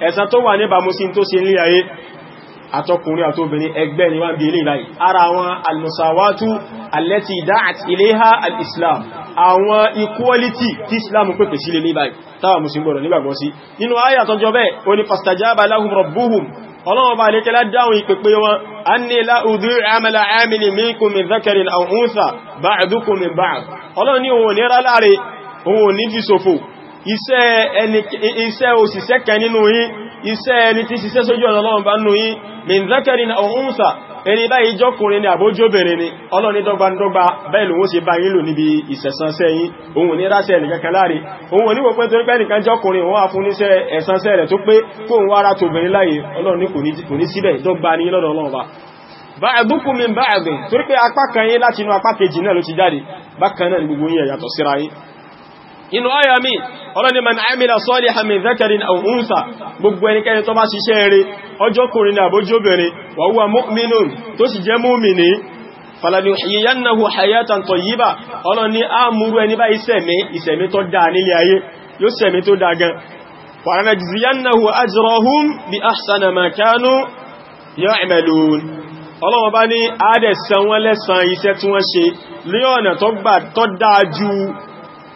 ẹ̀san tó wà níbà mú sí tó ṣe nílé ayé àtọkùnrin àtobìnrin ẹgbẹ́ ni wọ́n bí ilé ìlàyé ara àwọn almusawatu allati da'at ilayha al-islam àwọn equality tí islam pèpè sí lè níbà táwà musulmi gbọ́dọ̀ nígbàgbọ́ sí nínú ayà tó bẹ́ẹ̀ iṣẹ́ òṣìṣẹ́ kan nínú yín iṣẹ́ ẹni tí ṣiṣẹ́ sójú ọ̀nà Ọlọ́run bá nínú yín min zakarin aw unsa ẹni báyìí jọ́kùnrin ni àbójóbìnrin ni Ọlọ́run ní dọ́gbandọ́gba bẹ́ẹ̀ ló wọ́n ṣe bá yín lò níbi ìṣẹ̀sánṣẹ́ yín òun ní ráṣẹ́ ẹnìkan kan láàrin òun ní wọ́pẹ́ tó ń pẹ́ nìkan jọ́kùnrin wọ́n á fún níṣẹ́ ẹ̀sánṣẹ́ rẹ̀ tó pé kóhun wá ara tóbìnrin láyé Ọlọ́run ní kò ní síbẹ̀ dọ́gba ní lọ́dọ̀ Ọlọ́run bá báàdùkù min báàdùn torí pé apá kan yín láti inú apá kejì náà ló ti jáde bákan náà gbogbo yín ẹ̀yàtọ̀ síra yín inú àyà mi ọlọ́ni man amila salihan min dhakarin aw untha gbogbo ẹnikẹ́ni tó bá ṣiṣẹ́ rere ọjọ́kùnrin ní àbójóbìnrin wa huwa mu'minun tó sì jẹ́ múmìnì falanuhyiyannahu hayatan tayyiba ọlọ́ni a múrú ẹni bá ìsẹ̀mí ìsẹ̀mí tó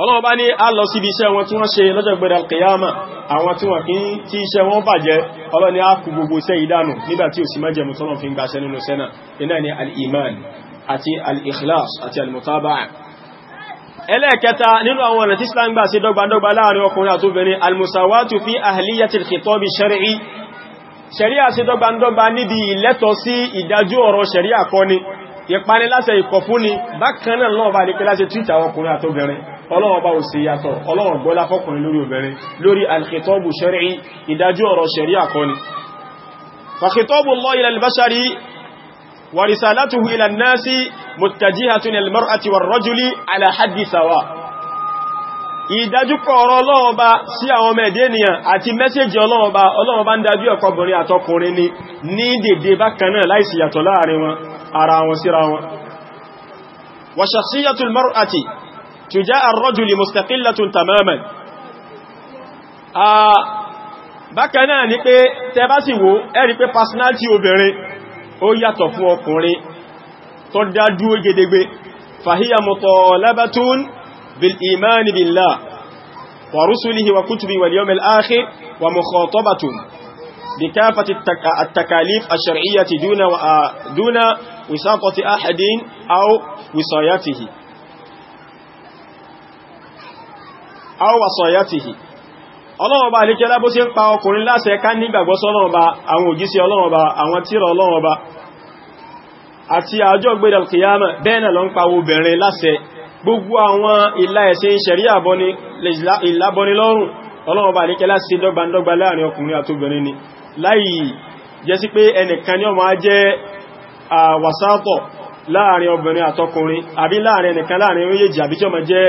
ọlọ́wọ́ bá ní a lọ síbi iṣẹ́ wọn tí wọ́n ṣe lọ́jọ́ gbẹ̀rẹ̀ alkiyama àwọn tí wọ́n kí ń tí iṣẹ́ wọn bàjẹ́ ọlọ́ni a kú gbogbo iṣẹ́ ìdánù nígbàtí ò sí mẹ́jẹ̀mú tọ́lọ̀ fi ń gbaṣẹ́ nínú sẹ́nà iná ni al-iman àti al-ikhlas àti al-mutaba'a ẹlẹ́ẹ̀kẹta nínú àwọn ọ̀nà tí Islam gbà sí dọ́gbandọ́gba láàrin ọkùnrin àtóbìnrin al-musawatu fi ahliyati al-khitabi shar'i ṣẹ̀ríà sí dọ́gbandọ́gba níbi ìlẹ́tọ̀ ìkọ̀fúnni bákanáà lọ́ọ̀bá ní pẹ́lá sí twitter ọkùnrin àtóbìnrin ọlọ́wọ́ bá ò sí yàtọ̀ ọlọ́wọ́ gbọ́lá fọ́kùnrin lórí obìnrin lórí alkhitobu shari'i ìdájú ọ̀rọ̀ shari'i àkọni fakhitobu Allah ila albashari wa risalatuhu ila an-nasi muttajihatun lil mar'ati war rajuli ala haddi sawa ìdájúkọ̀ ọ̀rọ̀ ọlọ́wọ́ bá sí àwọn ọmọ ẹ̀dẹ́ ènìyàn àti mẹ́sẹ̀jì ọlọ́wọ́ bá ọlọ́wọ́ bá ń dájú wa shakhsiyatul mar'ati تجاه الرجل مستقلة تماما bákan náà ni pé tẹ bá sì wò ẹ rí pé personality obìnrin ó yàtọ̀ fún ọkùnrin tó dádúró gedegbe fàhíyà mutalabatun bil imani billah wa rusulihi wa kutubi wal yawmil akhir wa mukhatabatun bi kafati at-takalif ash-shar'iyyati duna wa duna wisaqati ahadin aw wisayatihi aw wasayatihi ọlọ́wọ́ba àríkẹ́lá bó ṣe ń pa ọkùnrin láṣẹ ká nígbàgbọ́ sọ́lọ́wọ́ba àwọn òjíṣẹ́ ọlọ́wọ́ba àwọn tírà ọlọ́wọ́ba àti àjọ gbẹ́dẹ̀ kìyàmà bẹ́ẹ̀nà lọ ń pa obìnrin láṣẹ gbogbo àwọn ìlà ẹ̀ṣẹ̀ ìṣẹ̀rí ìlàbọnilọ́rùn ọlọ́wọ́ba àríkẹ́lá láàrin ni láì jẹ́ sí pé ẹnìkan ni ó máa jẹ́ àwàsátọ̀ láàrin obìnrin àtọkùnrin àbí láàrin ẹnìkan láàrin méjèèjì àbí tí ó jẹ́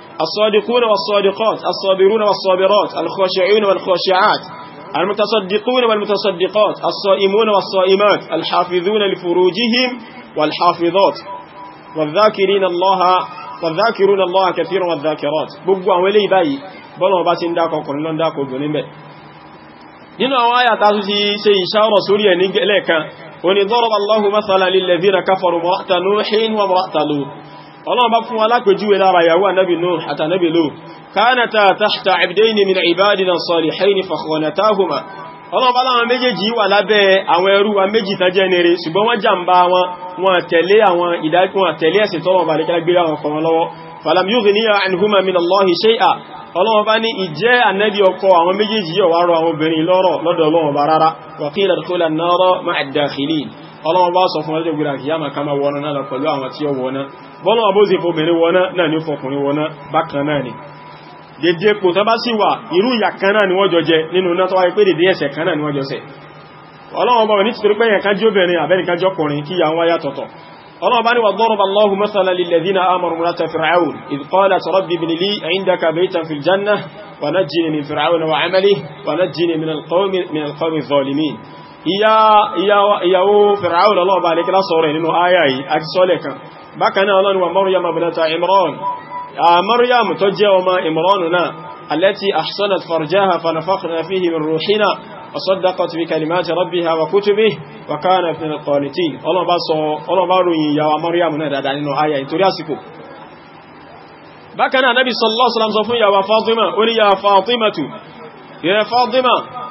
الصادقون والصادقات الصابرون والصابرات الخاشعون والخاشعات المتصدقون والمتصدقات الصائمون والصائمات الحافظون لفروجهم والحافظات والذاكرين الله والذاكرون الله كثيرا والذاكرات gbogbo àwọn eléyìí báyìí bọ́lọ̀ bá ti ń dákọ̀ ọkùnrin lọ́n dákọ̀ obìnrin bẹ̀ nínú àwọn àyà الله مثلا للذين كفروا امرأة نوح وامرأة لوط ọlọ́run bá fún wa lápèjúwe lára ìyàwó ànábì Nuh àtànábì lò kánàtà tàṣtà abdaini min ibadina salihaini fakhwanatahuma ọlọ́run bá láwọn méjèèjì wà lábẹ́ àwọn ẹrú wa méjì tán jẹ́ nire ṣùgbọ́n wọ́n jàmbá wọn wọn tẹ̀lé àwọn ìdákùn àtẹ̀lé ẹ̀sìn tọ́lọ̀ bá lẹ́kẹ́lẹ́ gbé àwọn kan lọ́wọ́ falam yughniya anhuma min Allahi shay'a ọlọ́run bá ní ìjẹ́ ọlọ́wọ́ bá sọ fún ọjọ́ gbìrà kìyàmà ká máa wọná náà pẹ̀lú àwọn tí ó wọná bọ́nà ọbó sì fòbìnrin wọná náà ní fọkùnrin wọná bákan náà ni dédé pò tán bá sì wà irú ìyà kan náà ni wọ́n jọ jẹ nínú náà tó wáyé pé dédé ẹ̀ṣẹ̀ kan náà ni wọ́n jọ ṣẹ̀ الله مثلا للذين آمنوا امرأة فرعون إذ قالت رب ابن لي عندك بيتا في الجنة ونجني من فرعون وعمله ونجني من القوم من القوم الظالمين ìyàwó fìràún lọ́lọ́ọ̀bá alékílá sọ̀rọ̀ nínú ayà yìí àti sọ́lẹ̀ kan bákanáà ọlọ́run wa maryam abinata imran a maryam tó jẹ́ ọmọ imran náà alẹ́tí ahsanat farjaha fanafakhna fihi min ruhina وصدقت بكلمات ربها وكتبه وكانت من القانتين ọlọ́run bá sọ ọlọ́run bá ròyìn ìyàwó Maryam náà dáadáa nínú ayà ìtorí àsìkò bákan náà Nabi sallallahu alaihi wasallam sọ fún ìyàwó Fatima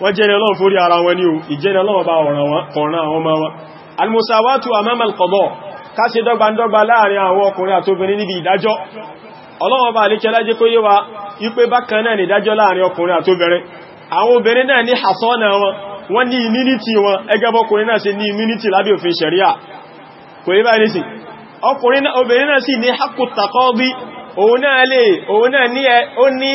wọ́n jẹ́rẹ ọlọ́run fórí ara wọn ni o ìjẹ́rẹ ọlọ́run bá ọ̀ràn àwọn ọmọ wọn almusawatu amama alqada ká ṣe dọ́gbandọ́gba láàrin àwọn ọkùnrin àtobìnrin níbi ìdájọ́ láàrin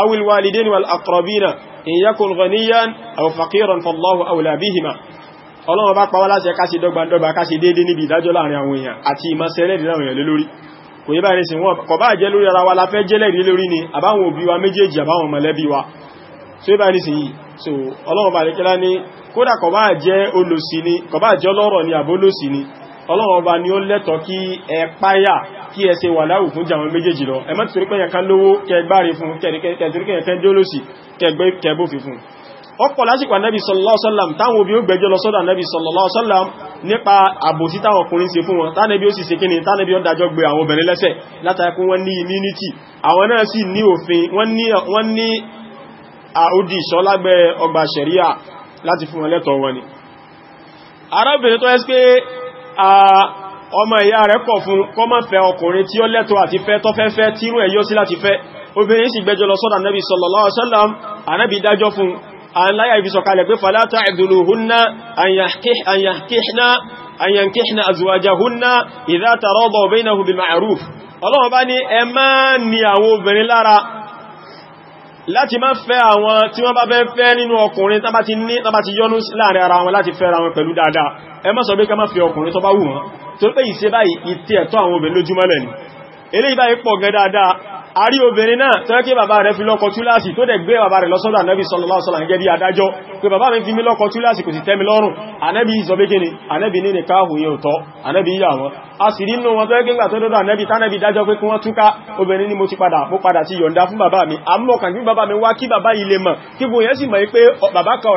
أو الوالدين والأقربين إن يكون غنيا أو فقيرا فالله أولى بهما ọlọ́run bá pàwọ́ láti ẹka sí dọ́gbàndọ́gbà ká sí déédé níbi ìdájọ́ láàrin àwọn èèyàn àti ìmọ̀sẹ̀lẹ́dì láwọn èèyàn lórí kò yí báyìí sí wọn kò bá jẹ́ lórí ara wa la fẹ́ jẹ́lẹ̀dì lórí ni àbáwọn òbí wa méjèèjì àbáwọn mọ̀lẹ́bí wa so yí báyìí sí yìí so ọlọ́run bá lè ọlọ́run ọba ni ó lẹ́tọ̀ọ́ kí ẹ páyà kí ẹ ṣe wàláwù fún jàwọn méjèèjì lọ ẹ má torí pé ẹ̀kan lówó kẹgbáre fún kẹtorí kẹ̀kan jólósì kẹgbófin fún ọ̀pọ̀ lásìkò ànábì sallallahu alaihi wasallam táwọn obì ó gbẹjọ́ lọ sọ́dọ̀ ànábì sallallahu alaihi wasallam nípa àbòsí táwọn ọkùnrin ṣe fún wọn tánàbí ó sì ṣe kíni tánàbí ó dájọ́ gbé àwọn obìnrin lẹ́sẹ̀ látàkú wọ́n ní immunity àwọn náà sì ní òfin wọ́n ní àódì ìṣọ́ lábẹ́ ọgbà ṣẹ̀ríà láti fún wọn lẹ́tọ̀ọ́ wọn ni arábìnrin tó ẹ́sì ọmọ ìyá rẹ̀ kọ̀ fún kọ́mọ̀ fẹ́ ọkùnrin tí ó lẹ́tọ̀ọ́ àti fẹ́ tọ́fẹ́fẹ́ tírú ẹ̀yọ́ sí láti fẹ́ obìnrin sì gbẹ́jọ́ lọ sọ́dọ̀ Ànábì sallallahu alaihi wasallam Ànábì dájọ́ fún àláyà ibi láti máa fẹ́ àwọn tí wọ́n bá fẹ́ fẹ́ nínú ọkùnrin tán bá ti ní tán bá ti yọ́nú láàrin ara wọn láti fẹ́ra wọn pẹ̀lú dáadáa ẹ má sọ pé ká má fẹ́ ọkùnrin tó bá wù wọ́n tó pé ìṣe báyìí ìtẹ́ ẹ̀tọ́ àwọn obìnrin lójúmọ́lẹ̀ ni eléyìí báyìí pọ̀ gan dáadáa a rí obìnrin náà tó yẹ́ kí bàbá rẹ̀ fi lọ́kọ túláàsì tó dẹ̀ gbé bàbá rẹ̀ lọ́sọ́dọ̀ ànẹ́bí sọlọ́lọ́sọ́lá gẹ́ bí adájọ́ pé bàbá mi fi mí lọ́kọ túláàsì kò sì tẹ́mi lọ́rùn ànẹ́bí ìzọbégini ànẹ́bí ní nìkáhù yóò tọ́ ànẹ́bí yà wọn a sì mi àmọ́ kàn kí bàbá mi wá kí bàbá yìí lè mọ̀ kí gbogbo yẹn sì mọ̀ pé bàbá kan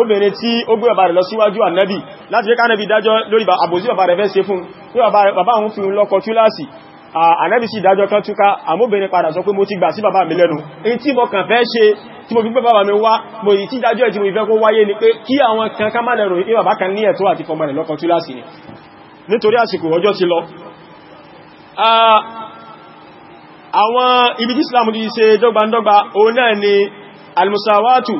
obìnrin tí ó gbé bàbá rẹ̀ lọ síwájú ànábì láti jẹ́ kánàbì dájọ́ lórí àbòsí bàbá rẹ̀ fẹ́ ṣe fún pé bàbá òun fi lọ́kọ túláàsì ànábì sí ìdájọ́ kan túká àmóbìnrin padà sọ pé mo ti gbà sí bàbá mi lẹ́nu mo kàn fẹ́ ṣe tí mo mo yìí tí ìdájọ́ mo ìfẹ́ kó wáyé ni pé kí àwọn kan ká má lẹ́rùn ní bàbá kan ní ẹ̀tọ́ àti fọmọ rẹ̀ lọ́kọ túláàsì ni nítorí àsìkò ọjọ́ ti lọ almusawatu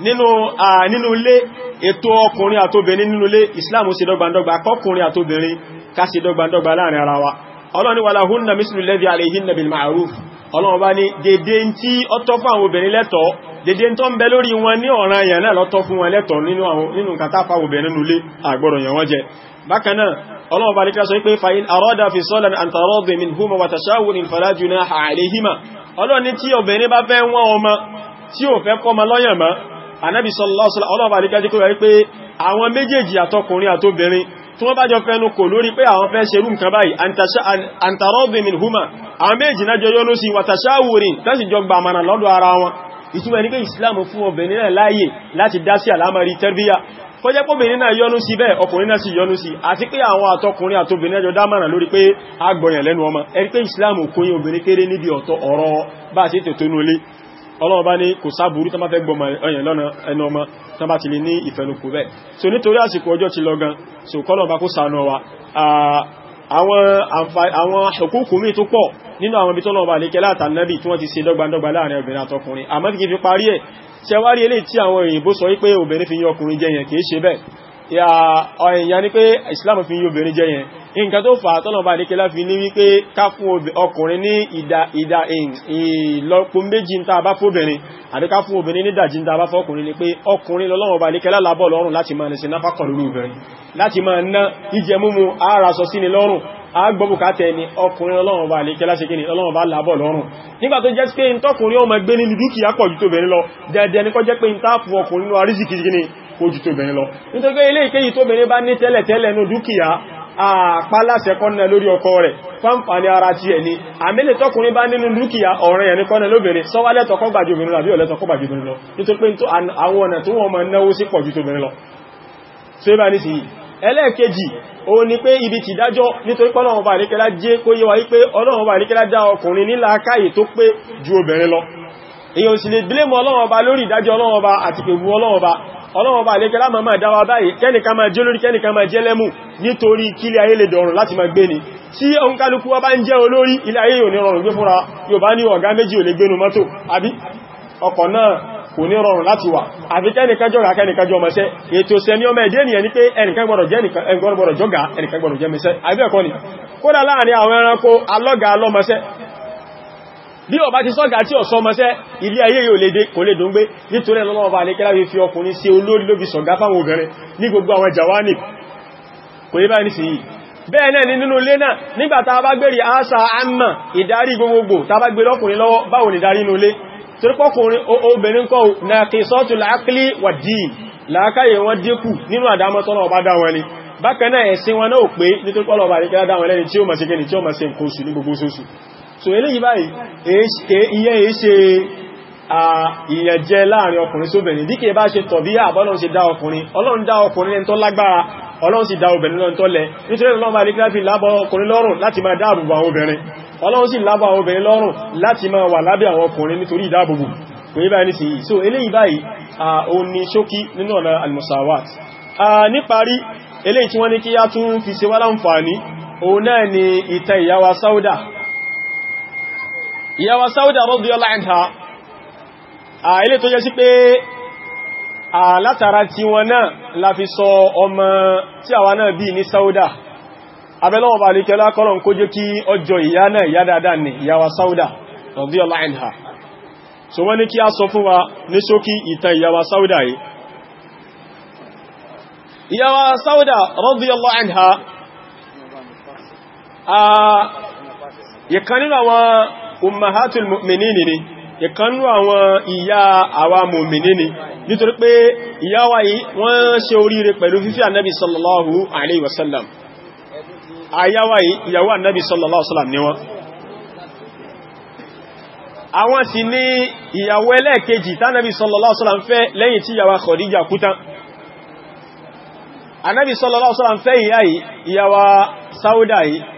nínú ilé ètò ọkùnrin àtobìnrin nínú ilé Islam ṣe dọ́gbandọ́gba kọkùnrin àtobìnrin ká ṣe dọ́gbandọ́gba láàrin ara wa ọlọ́ni wà láhún na mísìlú lẹ́dí àríhìn na bil ma'ruf ọlọ́run bá ní dédé tí ó tọ́ fún àwọn obìnrin lẹ́tọ̀ dédé tó ń bẹ lórí wọn ní ọ̀ràn èèyàn náà lọ́tọ́ fún wọn lẹ́tọ̀ nínú kàtàfà obìnrin nulé àgbọ̀rọ̀ yẹn wọ́n jẹ bákanáà ọlọ́run bá níkà sọ pé fa'in arọ́dà fi sọ́lẹ̀ àtàrọ́bì min huma wa tashawurin fala junaha alayhima ní bá fẹ́ wọ́n ọmọ tí ò fẹ́ kọ́mọ lọ́yàn mọ́ anábì sallallahu alaihi wasallam ọlọ́ọ̀bà àríkájú kó rẹ̀ pé àwọn méjèèjì àtọkùnrin àtobìnrin tí wọ́n bá jọ fẹ́nu kò lórí pé àwọn fẹ́ ṣerú nǹkan báyìí antarodin min huma àwọn méjì náà jọ yọ́nú sí wàtàṣáwòrin tẹ́sì jọ gba àmànà lọ́dọ̀ ara wọn ìtumọ̀ ní pé ìsìláàmù fún obìnrin náà láàyè láti dá sí àlámọ̀rí tẹ́rbíyà kọjẹ́ pọ́bìnrin náà yọ́nú sí bẹ́ẹ̀ ọkùnrin náà sì yọ́nú sí àti pé àwọn àtọkùnrin àtobìnrin ẹjọ́ dámàrà lórí pé agbọ̀yàn lẹ́nu ọmọ ọlọ́wọ́ bá ní kò sáàbùrú tán bá fẹ́ gbọmọ ọyàn lọ́nà ẹnu ọmọ tán bá ti lè ní ìfẹnukù bẹ́ẹ̀ so nítorí àsìkò ọjọ́ ti lọ gan so kọ́lọ̀ bá kó ṣàánú wa àwọn ṣòkúnkùnmí tó pọ̀ nínú àwọn ibi tọ́lọ̀ bá lè kẹ́ látànábì tí wọ́n ti ṣe dọ́gbandọ́gba láàrin obìnrin Ya ní pé islam fi yóò bèrin jẹ́ yẹn nǹkan tó fà tọ́lọ̀bà àdíkẹ́lá fi ní wípé ká fún ọkùnrin ní ìdá ìdá ìlọ́pọ̀ méjì ń tàbá fóbìnrin àbí ká fún obìnrin ní ìdajì ń tàbá fọ́kùnrin ni pé ọkùnrin lọ́lọ́wọ̀bà àdíkẹ́lá lábọ̀ lọ́rùn láti máa nìsìn náfàkọ̀ lórí obìnrin láti máa ná ìjẹ múmu aráṣọ sí ni lọ́rùn agbọ́bùkátẹ̀ ni ọkùnrin ọlọ́run bá lè kẹ́lá ṣe kí ni ọlọ́run bá lábọ̀ lọ́rùn nígbà tó jẹ́ pé ń tọ́kùnrin ọmọ ẹgbẹ́ nínú dúkìá pọ̀ jù tóbìnrin lọ dẹ̀dẹ̀ ní kọ́ jẹ́ pé ń táàfù ọkùnrin ojú tóbìnrin lọ nítorí ilé ìkéyìí tóbìnrin bá ní tẹ́lẹ̀tẹ́lẹ̀ ní dúkìá àpálàṣẹ kọ́nà lórí ọkọ rẹ̀ fáǹfàní ara ti ẹni àmìlẹ̀ tọkùnrin bá nínú dúkìá ọ̀rẹ́ ẹni kọ́nà lóbìnrin sọ́wálẹ́tọ̀ kọ́gbàjú obìnrin lọ àbí ọ̀lẹ́tọ̀ kọ́gbàjú obìnrin lọ nítorí pé àwọn ọ̀nà tó wọ́n máa náwó sí pọ̀jú tóbìnrin lọ so ibà ní sí yìí ẹlẹ́ẹ̀kejì o ní pé ibi ti dájọ́ nítorí pé Ọlọ́run bá ní kẹ́lá jẹ́ kó yíwa wípé èyàn sì lè blame Ọlọ́run Ọba lórí ìdájọ́ Ọlọ́run Ọba àti pẹ̀lú Ọlọ́run Ọba Ọlọ́run Ọba àlékẹ́lá máa máa dáwà báyìí kẹ́nìkan máa jẹ́ olórí kẹ́nìkan máa jẹ́ lẹ́mù nítorí kí ilé ayé lè dọ̀rùn láti máa gbé ni tí oúnkálukú wa bá ń jẹ́ olórí ilé ayé yóò ní rọrùn gbé fúnra yóò bá ní ọ̀gá méjì ò lè gbénu mọ́tò àbí ọkọ̀ náà kò ní rọrùn láti wà àfi kẹ́nìkan jọ́gà kẹ́nìkan jọ mọ́sẹ́ ètò sẹni ọmọ ẹ̀dẹ́ ènìyàn ní pé ẹnìkan gbọ́dọ̀ jọ́gà ẹnìkan gbọ́dọ̀ jẹ́ mẹ́sẹ́ àbí ẹ̀kọ́ ni kódà láàrin àwọn ẹranko alọ́gà alọ́mọsẹ́ bí ọba ti sọ́gá tí ọ̀sọ́ ọmọṣẹ́ ilé ayé yóò lè kò lè dùn gbé nítorí ẹ̀lọ́lọ́wọ́ bá alékẹ́lá fi ọkùnrin sí olórí lóbi sọ̀gá fáwọn obìnrin ní gbogbo àwọn jawani kò yí báyìí sí yìí bẹ́ẹ̀ náà nínú ilé náà nígbà tá a bá gbèrè àṣà àmà ìdarí gbogbogbò tá a bá gbèrè ọkùnrin lọ́wọ́ báwo ni darí inú ilé torí pọ́kùnrin obìnrin kọ́ na kì sọ́tù láàkílì wà dìí làákàyè wọn dínkù nínú àdámọ́tọ́nà ọba dáwọn ni bákan náà ẹ̀sìn wọn náà pé nítorí pọ́lọ̀ ọba àríkẹ́lá dáwọn lẹ́ni tí ó mọ̀ sí kí ni tí ó mọ̀ sí nǹkan oṣù ní gbogbo oṣooṣù so eléyìí báyìí iye èé ṣe ìyẹ̀jẹ́ láàrin ọkùnrin sóbìnrin díkẹ̀ bá ṣe tọ̀bí àbọ́lọ́n ṣe dá ọkùnrin ọlọ́run dá ọkùnrin lẹ́ni tó lágbára ọlọ́run sì dá obìnrin lọ́n tó lẹ nítorí ọlọ́run bá nígbà fi lábọ́ ọkùnrin lọ́rùn láti máa dáàbòbò àwọn obìnrin so eléyìí báyìí ó ní ṣókí nínú ọ̀nà almusawat níparí eléyìí tí wọ́n ní kí yá tún fi ṣe wá láǹfààní òun náà ni ìtàn Sauda ìyàwó Sauda radiyallahu anha ilé tó jẹ́ sí pé látara tí wọn náà la fi sọ ọmọ tí àwa náà bí ní Sauda abẹ́lọ́wọ̀ bá lè kẹlá kọ́lọ̀n kó jẹ́ kí ọjọ́ ìyá náà ìyá dáadáa ní ìyàwó ìkan nínú àwọn ummahatul mu'minini ni ìkanú àwọn ìyá àwa mu'minini nítorí pé ìyá wa yìí wọ́n ṣe oríire pẹ̀lú fífẹ́ annabi sallallahu alaihi wasallam àyá wa iya wa annabi sallallahu alaihi wasallam ni wọ́n àwọn sì ní ìyàwó ẹlẹ́ẹ̀kejì tánàbí sallallahu alaihi wasallam fẹ́ lẹ́yìn tí ìyàwó Khadija kú tán sallallahu alaihi wasallam iya ìyá yìí ìyàwó Sauda yìí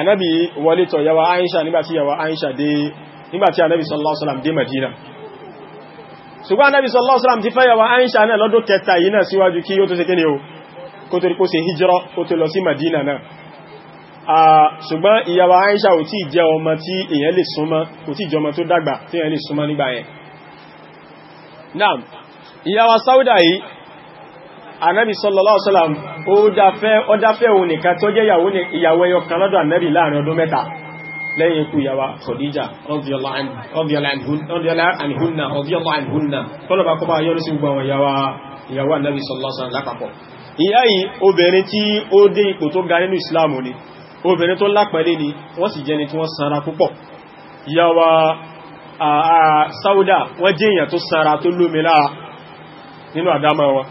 anábi wọlé tọ̀ yawa Aisha nígbàtí yawa Aisha dé nígbàtí anábi sallallahu alaihi wasallam dé Madina ṣùgbọ́n anábi sallallahu alaihi wasallam ti fẹ́ yàwó Aisha náà lọ́dún kẹta yìí náà síwájú kí ó tó ṣe kéde o kó tó rí kó ṣe hijira kó tó lọ sí Madina náà ṣùgbọ́n yawa Aisha ò tí jẹ́ ọmọ tí èèyàn lè súnmọ́ kò tí jẹ́ ọmọ tó dàgbà tí èèyàn lè súnmọ́ nígbà yẹn anábì sallallahu alaihi wasallam ó dáfẹ́ òun nìkan tó jẹ́ ìyàwó ẹyọ kan lọ́dọ̀ anábì láàrin ọdún mẹ́ta lẹ́yìn ikú ìyàwó Khadija radiyallahu anhunna tọ́lọ̀bà kọba yọ́rù sí gbogbo àwọn ìyàwó anábì sallallahu alaihi wasallam lápapọ̀ ìyá yìí obìnrin tí ó dé ipò tó ga nínú ìsìláàmù ni obìnrin tó lápẹ̀lẹ́ ni wọ́n sì jẹni tí Sauda wọ́n jẹ́ èèyàn tó sanra tó lómi lára nínú àdámọ́ wọn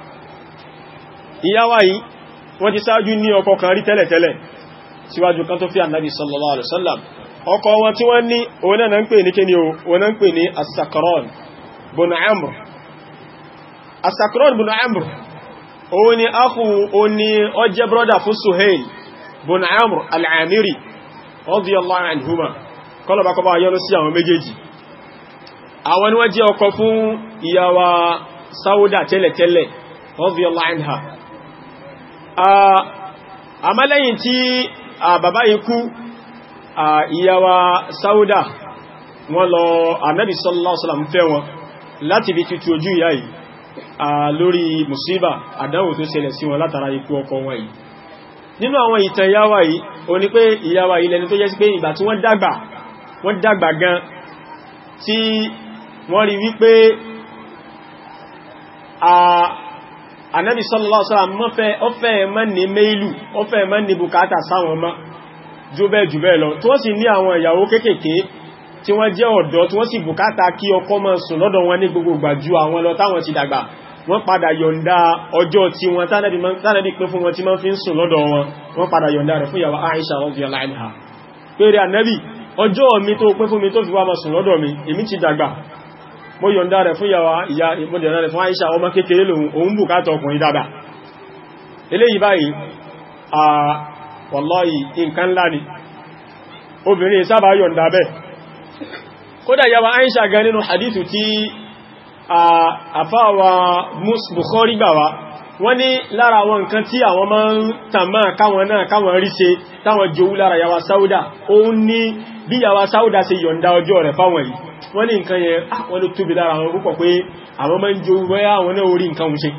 ìyáwá yìí wọ́n ti sáájú ní ọkọ kan rí tẹ́lẹ̀tẹ́lẹ̀ síwájú kan tó fi ànábì sallallahu alaihi wasallam ọkọ wọn tí wọ́n ní òun náà ń pè ní kíni o òun náà ń pè ní asakron bun amr asakron bun amr òun ni akhu òun ni ó jẹ́ brọ́dà fún suhail bun amr al'amiri radiyallahu anhuma kọlọ̀bà àwọn méjèèjì àwọn fún ìyàwó sáwúdà tẹ́lẹ̀tẹ́lẹ̀ radiyallahu anha àmọ́ lẹ́yìn tí bàbá yìí kú ìyá wa Sauda wọ́n lọ Ànábì sallallahu alaihi wasallam fẹ́ wọn láti fi tutù ojú ìyá yìí lórí musiba àdánwò tó ṣẹlẹ̀ sí wọn látara ikú ọkọ wọn yìí nínú àwọn ìtàn ìyá wa yìí ó ní pé ìyá wa ilẹ̀ ni tó jẹ́ sí pé ìgbà tí wọ́n dàgbà wọ́n dàgbà gan tí wọ́n rí wípé anabi sallallahu alaihi wasallam mọ́fẹ́ ọfẹ́ ẹ̀mọ́ ní mẹ́ìlú ọfẹ́ ẹ̀mọ́ ní bùkátà sáwọn ọmọ jùbẹ́ jùbẹ́ lọ tí wọ́n sì ní àwọn ìyàwó kéékèèké tí wọ́n jẹ́ ọ̀dọ́ tí wọ́n sì bùkátà kí ọkọ máa sùn lọ́dọ̀ wọn ní gbogbo ìgbà ju àwọn lọ táwọn ti dàgbà wọ́n padà yọ̀ǹda ọjọ́ tí wọ́n tánàbí pín fún wọn tí wọ́n fi ń sùn lọ́dọ̀ wọn wọ́n padà yọ̀ǹda rẹ̀ fún ìyàwó Aisha radhiyallahu anha pé rẹ̀ ànábì ọjọ́ mi tó pín fún mi tó fi wá máa sùn lọ́dọ̀ mi èmi ti dàgbà mo yọ̀nda rẹ̀ fún yàwá ìyá ìmọ̀dẹ̀rẹ̀ rẹ̀ fún àìṣà ọmọ kékeré lòun òun bùkátọ̀ ọkùnrin dáadáa eléyìí báyìí à wàláhì nǹkan ńlá ni obìnrin sábà yọ̀nda bẹ́ẹ̀ kódà yàwá àìṣà gan nínú hadithu tí àfáwà Bukhari wọ́n ní lára àwọn nǹkan tí àwọn máa ń tàmà káwọn náà káwọn rí ṣe táwọn jowú lára yàwà sáúdà ó ní bí yàwà sáúdà ṣe yọ̀ǹda ọjọ́ rẹ̀ fáwọn yìí wọ́n ní nǹkan yẹn ah, wọ́n ló tóbi lára àwọn púpọ̀ pé àwọn máa ń jowú bóyá àwọn náà orí nǹkan ṣe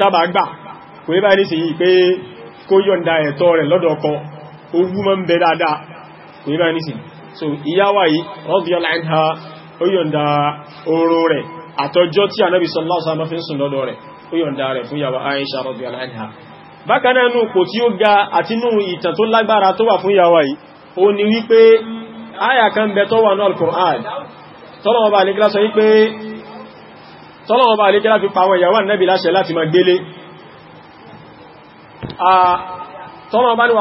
sábà gbà kò yi so rẹ̀ ó yọ̀ǹda rẹ̀ fún yàwó Aisha radiyallahu anha bákan náà nù kò tí ó ga àti nù ìtàn tó lágbára tó wà fún yàwó yìí ó ní wípé àyà kan bẹ tó wà ní al-Qur'an tọ́lọ́wọ́ bá alẹ́kẹ́lá sọ wípé tọ́lọ́wọ́ bá alẹ́kẹ́lá fi pàwọn ìyàwó Ànábì láṣẹ láti máa gbélé tọ́lọ́wọ́ bá ní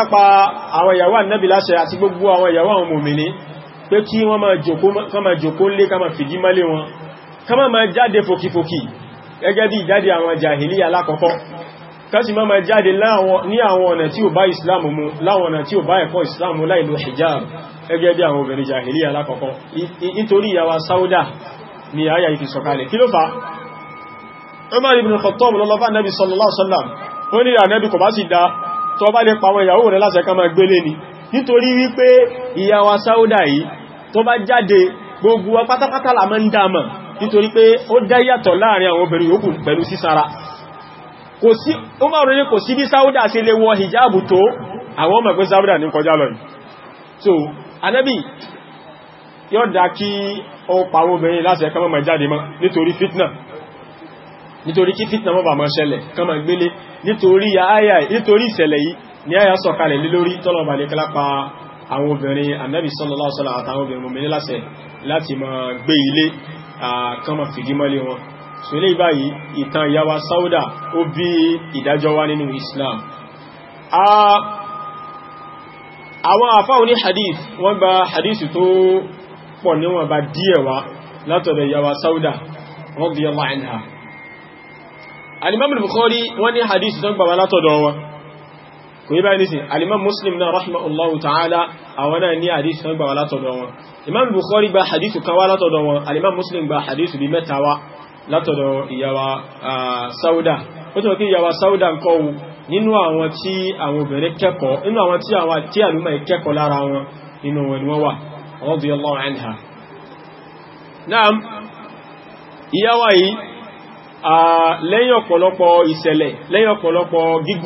pa àwọn ìyàwó Ànábì láṣẹ àti gbogbo àwọn ìyàwó pé kí wọ́n máa jòkó lé ká máa fìdí mọ́lé wọn ká máa máa jáde fòkìfòkì gẹ́gẹ́ bí ìjáde àwọn jahiliya alákọ̀ọ́kọ́ ká sì máa jáde ní àwọn ọ̀nà tí ò bá ìsìláàmù mu láwọn ọ̀nà tí ò bá ẹ̀kọ́ ìsìláàmù láì lo hijab gẹ́gẹ́ bí àwọn obìnrin jahiliya nítorí Umar ibn Khattab lọ́lọ́fà Nabi sallallahu alaihi wasallam ó ní ànẹ́bì kò bá sì dá tó bá lè pàwọn ìyàwó rẹ̀ láti wípé ìyàwó Sauda yìí tó bá jáde gbogbo wa pátápátá la máa ń dámà nítorí pé ó dá yàtọ̀ láàrin àwọn obìnrin yòókù pẹ̀lú sísára kò sí ó máa rẹ̀ kò sí bí sáúdà ṣe lè wọ hijabu tó àwọn ọmọ pé sáúdà ní kọjá lọ so Ànábì yóò dá kí ó pàwọn obìnrin láti ẹ̀kọ́ fitna nítorí kí fitna mọ́ bà mọ́ ṣẹlẹ̀ kán mọ́ gbélé nítorí àyà nítorí ìṣẹ̀lẹ̀ yìí ni àyà sọ̀kalẹ̀ lé lórí tọ́lọ̀bà àwọn obìnrin annabi sallallahu alaihi wasallam àtàwọn obìnrin mọ̀mí láṣẹ láti ma gbé ilé kan ma fìdí mọ́lé wọn so ilé báyìí ìtàn ìyàwó Sauda ó bí ìdájọ́ wá nínú Islam àwọn àfáà ní hadith wọ́n gba hadith tó pọ̀ níwọ̀n bá díẹ̀ wá látọ̀dọ̀ ìyàwó Sauda radiyallahu anha al-Imam al-Bukhari wọ́n ní hadith tó gbà wá látọ̀dọ̀ wọn kò yí báyìí nísìn alimam muslim náà rahimahullahu ta'ala àwọn náà ní hadith kan gbà wá látọ̀dọ̀ wọn imam bukhari gba hadith kan wá látọ̀dọ̀ wọn alimam muslim gba hadith bí mẹ́ta wá látọ̀dọ̀ ìyàwó sauda ó tó kí ìyàwó sauda ńkọ́ nínú àwọn tí àwọn obìnrin kẹ́kọ̀ọ́ nínú àwọn tí àwọn tí àlúmọ̀ ìkẹ́kọ̀ọ́ lára wọn nínú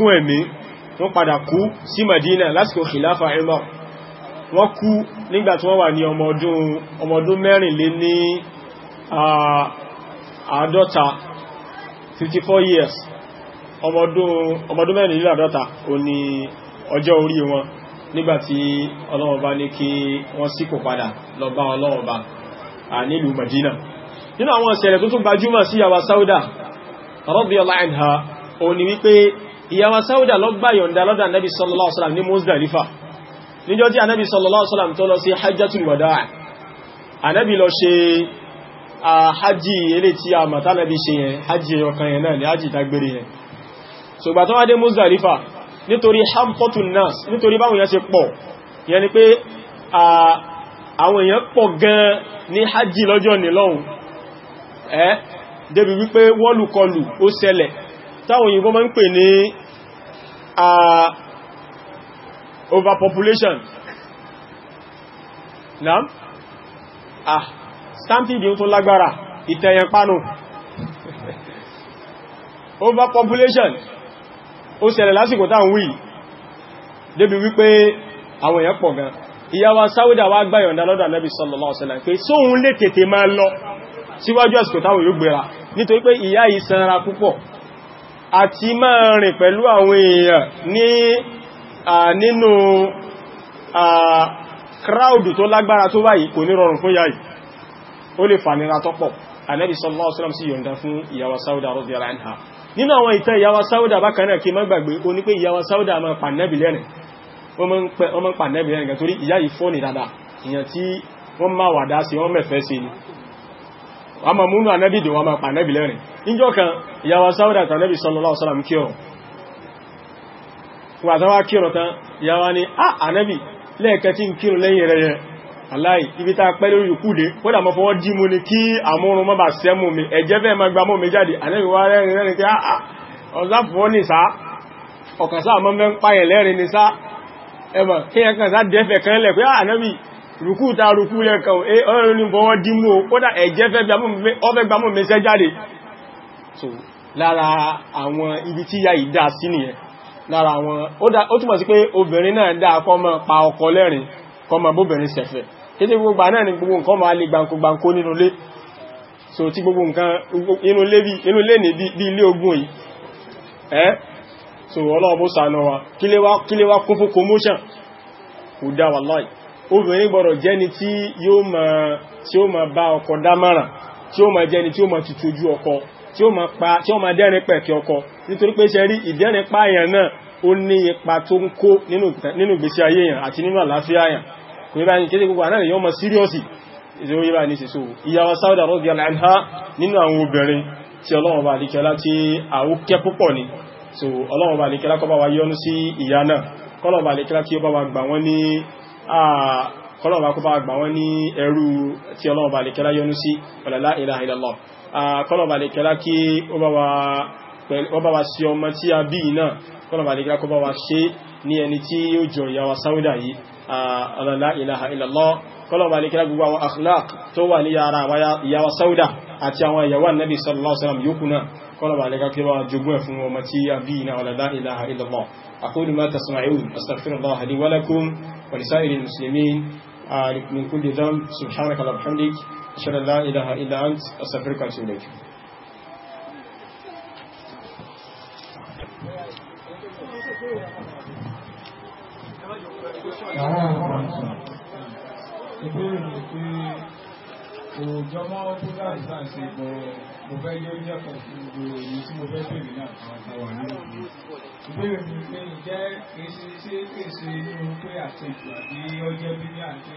wọn ni wọ́n padà kú sí Madina lásìkò khilafa Umar wọ́n kú nígbà tí wọ́n wà ní ọmọ ọdún mẹ́rìnlé ní àádọ́ta 54 years ọmọ ọdún mẹ́rìnlé àádọ́ta ó ní ọjọ́ orí wọn nígbàtí ọlọ́wọ́ba ní kí wọ́n síkò padà lọ bá ọlọ́wọ́ba nílùú Madina nínú àwọn ìṣẹ̀lẹ̀ tó tún gbajúmọ̀ sí yàwà Sauda radiyallahu anha ó ní wípé ìyàwó sáúdà lọ gbà yọ̀ǹda lọ́dà nẹ́bí sallallahu alaihi wasallam ní Muzdalifa níjọ́ tí anẹ́bí sallallahu alaihi wasallam tó lọ sí hajjatul wada'a anẹ́bí lọ ṣe hajji ilé tí a mata anẹ́bí ṣe yẹn hajji ọkàn yẹn náà ni hajji tagbére yẹn so gbà tó wá dé Muzdalifa nítorí hamqatun nas nítorí báwọn yẹn ṣe pọ̀ yẹn ni pé àwọn èèyàn pọ̀ gan ní hajji lọ́jọ́ ní lọ́hùn ẹ́ débi wípé wọ́lùkọlù ó ṣẹlẹ̀ táwọn òyìnbó máa ń pè ní uh, overpopulation náà ah stampede tó lágbára ìtẹ̀yẹn pánù overpopulation ó ṣẹlẹ̀ lásìkò táà ń wí débi wípé àwọn èèyàn pọ̀ gan ìyàwó sáwọ́dà wá gbáyọ̀ndà lọ́dọ̀ Ànábì sallallahu alaihi wasallam pé sóhun lè tètè máa lọ síwájú àsìkò táwọn yóò gbéra nítorí pé ìyá yìí sanra púpọ̀ àti máa rìn pẹ̀lú àwọn èèyàn ní nínú crowd tó lágbára tó báyìí kò ní rọrùn fún yáyìí ó lè fànira tọ́pọ̀ Ànábì sallallahu alaihi wasallam sì yọ̀ǹda fún ìyàwó Sauda radiyallahu anha nínú àwọn ìtàn ìyàwó Sauda bákanáà kí má gbàgbé o ní pé ìyàwó Sauda máa pànẹ́bì lẹ́rin wọ́n máa ń pànẹ́bì lẹ́rin gan torí ìyá yìí fọ́nì dáadáa ìyàn tí wọ́n ìyàwó sáwọ́dà tànẹ́bì sallallahu alaihi wasallam kíọ̀rọ̀ wà tánwà kíọ̀rọ̀ tán ìyàwó ni a ah, ànẹ́bì lẹ́ẹ̀kẹ́ tí ń kíọ̀rọ̀ lẹ́yìn rẹ̀ yẹn aláì ibi tá pẹ́ lórí ìkúdé kódà mọ́ fọwọ́ dí mú ní kí àmúrun mọ́ bà sẹ́mù mi ẹ̀jẹ́ fẹ́ ma gbàmọ́ mi jáde ànẹ́bì wá rẹ́rin rẹ́rin tí àà ah, ọ̀sáfọ́ ah, ní sá ọ̀kan sáà mọ́ mẹ́ ń páyẹ̀ lẹ́rin ní sá ẹmọ̀ kí yẹn kan sá dẹ́fẹ̀ kan lẹ̀ pé ànẹ́bì rùkú ta rùkú lẹ́kan ọ̀rẹ́rin lára àwọn ibi tí yá ìdá sí nìyẹn lára àwọn ó túnmọ̀ sí pé obìnrin náà dáa kọ́ mọ́ pa ọkọ lẹ́rin kọ́ mọ́ bóbìnrin sẹ̀fẹ̀ kéde gbogbo náà ni gbogbo nǹkan máa lè gbàǹkó nínú ilé so tí gbogbo nǹkan inú ilé ní bí ilé ogun yìí so ọlọ́ọ̀bọ̀ sànà wa kí lé wá kún fún commotion kò dá wallahi obìnrin gbọ́dọ̀ jẹ́ni tí yóò máa bá ọkọ dámàrà tí tí ó ma pa tí ó ma dẹ́rin pẹ̀kẹ́ ọkọ nítorí pé ṣe rí ìdẹ́rin pààyàn náà ó ní ipa tó ń kó nínú ìgbésí ayé èèyàn àti nínú àlàáfíà èèyàn kò yíba ní kéde gbogbo àdáyẹ̀ ọmọ síríọ́sì ìdíwó yíba ní ṣiṣò ìyàwó Sauda radiyallahu so ọlọ́wọ̀n bá àdíkẹ́ lákọ́ bá wa yọ́nú sí ìyá náà kọ́lọ̀wọ̀n bá àdíkẹ́ láti ọba gbà wọ́n ní kọ́lọ̀wọ̀n bá gbà wọ́n sí ọ̀lá ilaha illallah kọlọ̀bàlẹ̀kẹ́lá kí ó bá wa sí ọmọ tí a bí náà kọlọ̀bàlẹ̀kẹ́lá kó bá wa ṣe ní ẹni tí yóò jọ ìyàwó sáwídà yìí alàlá ìlàhà ìlàlọ́ kọlọ̀bàlẹ̀kẹ́lá gbogbo àwọn akhlaq tó wà ní yàrá ìyàwó sáwídà àti àwọn ìyàwó annabi sallallahu alaihi wasallam yókù náà kọlọ̀bàlẹ̀kẹ́lá kí ó bá wa jogún ẹ̀ fún ọmọ tí a bí náà alàlá ìlàhà ìlàlọ́ أقول ما تسمعون أستغفر الله لي ولكم ولسائر المسلمين من كل ذنب سبحانك اللهم وبحمدك أشهد أن لا إله إلا أنت أستغفرك وأتوب إليك ìbéèrè ni pé òjò máa ń fún láti láti ṣe ìbọ̀ mo fẹ́ yóò jẹ́ kan fún gbogbo èyí tí mo fẹ́ bèèrè náà àtàwà nínú ìbéèrè mi pé ìjẹ́ kèsì ṣe kèsì nínú pé àti ìgbà bí ó jẹ́ bí ní àti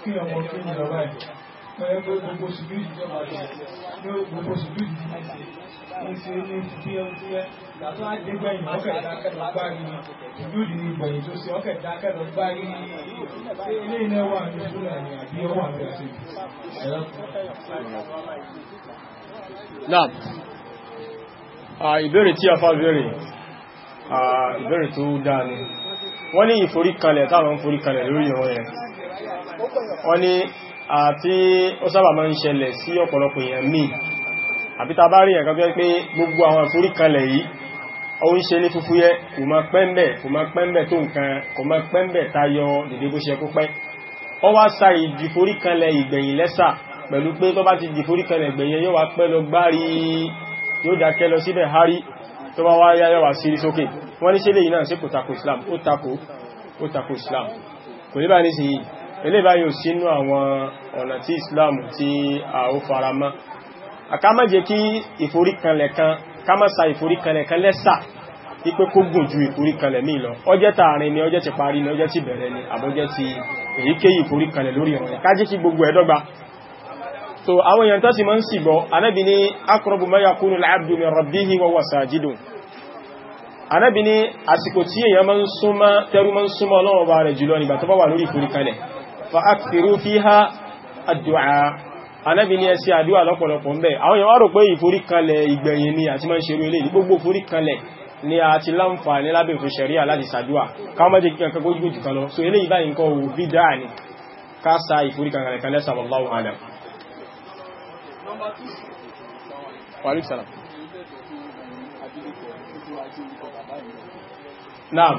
kí ọmọ kí ní lọ báyìí pẹ̀lú pé gbogbo ṣùgbìrì ìjọba rẹ̀ ní gbogbo ṣùgbìrì ní ṣe ní bí ẹun tí ẹ látọ́ àdégbẹ̀yìn ọkẹ̀ dákẹ́lọ gbárí ní ìlúdì ìgbẹ̀yìn tó ṣe ọkẹ̀ dákẹ́lọ gbárí ní ilé ilé wà ní ìṣúlẹ̀ ní àbí ọwà rẹ̀ sí náà ìbéèrè tí a fà béèrè ìbéèrè tó dáa ni wọ́n ní ìforíkalẹ̀ táwọn ìforíkalẹ̀ lórí ọ̀rẹ́ wọ́n ní àti ó sábà máa ń ṣẹlẹ̀ sí ọ̀pọ̀lọpọ̀ èèyàn míì àbí tá bá rí ẹ̀kan tó pé gbogbo àwọn ìforí kanlẹ̀ yìí ó ń ṣe ní fúfú yẹ kò máa pẹ́ńbẹ̀ kò máa pẹ́ńbẹ̀ tó nǹkan kò máa pẹ́ńbẹ̀ tayọ dèdè bó ṣe kó pẹ́ ó wá sa ìdìforí kanlẹ̀ ìgbẹ̀yìn lẹ́sà pẹ̀lú pé tó bá ti dìforí kanlẹ̀ ìgbẹ̀yìn yóò wá pẹ́ lọ gbárí yóò dákẹ́ lọ síbẹ̀ hárí tó bá wá yá wá sírí sókè wọ́n ní ṣe lè yìí náà sí kò tako Islam ó tako Islam kò ní bá ní sí yìí eléyìí báyìí ò sínú àwọn ọ̀nà tí Islam tí a ó fara mọ́ àká má jẹ́ kí ìforíkanlẹ̀ kan ká sa ìforíkanlẹ̀ kan lẹ́sà wípé kó gùn ju ìforíkanlẹ̀ míì lọ ọjẹ́ tààrin ni ọjẹ́ ti parí ni ọjẹ́ ti bẹ̀rẹ̀ ni àbọ́jẹ́ ti èyíkéyìí ìforíkanlẹ̀ lórí ọ̀rẹ́ ká kí gbogbo ẹ̀ so àwọn èèyàn tó sì mọ́ ń sì gbọ́ anábi akọrọ̀bù ma yakunu al-abdu min rabbihi wa huwa sajidun anábi ní àsìkò tí èèyàn mọ́ ń súnmọ́ tẹ́rù mọ́ ń súnmọ́ ọlọ́wọ́ bá rẹ̀ jùlọ nígbà tó bá wà lórí ìforíkanlẹ̀ fa akthiru fiha ad-du'a anábi ní ẹsẹ àdúwà lọ́pọ̀lọpọ̀ ń bẹ àwọn èèyàn wá rò pé ìforíkanlẹ̀ ìgbẹ̀yìn ni àti máa ń ṣerú ilé gbogbo ìforíkanlẹ̀ ni a ti láǹfààní lábẹ́ òfin ṣẹ̀ríà láti ṣàdúwà káwọn má jẹ́ kí kankan gójú jù kan lọ so eléyìí báyìí nǹkan ò Naam.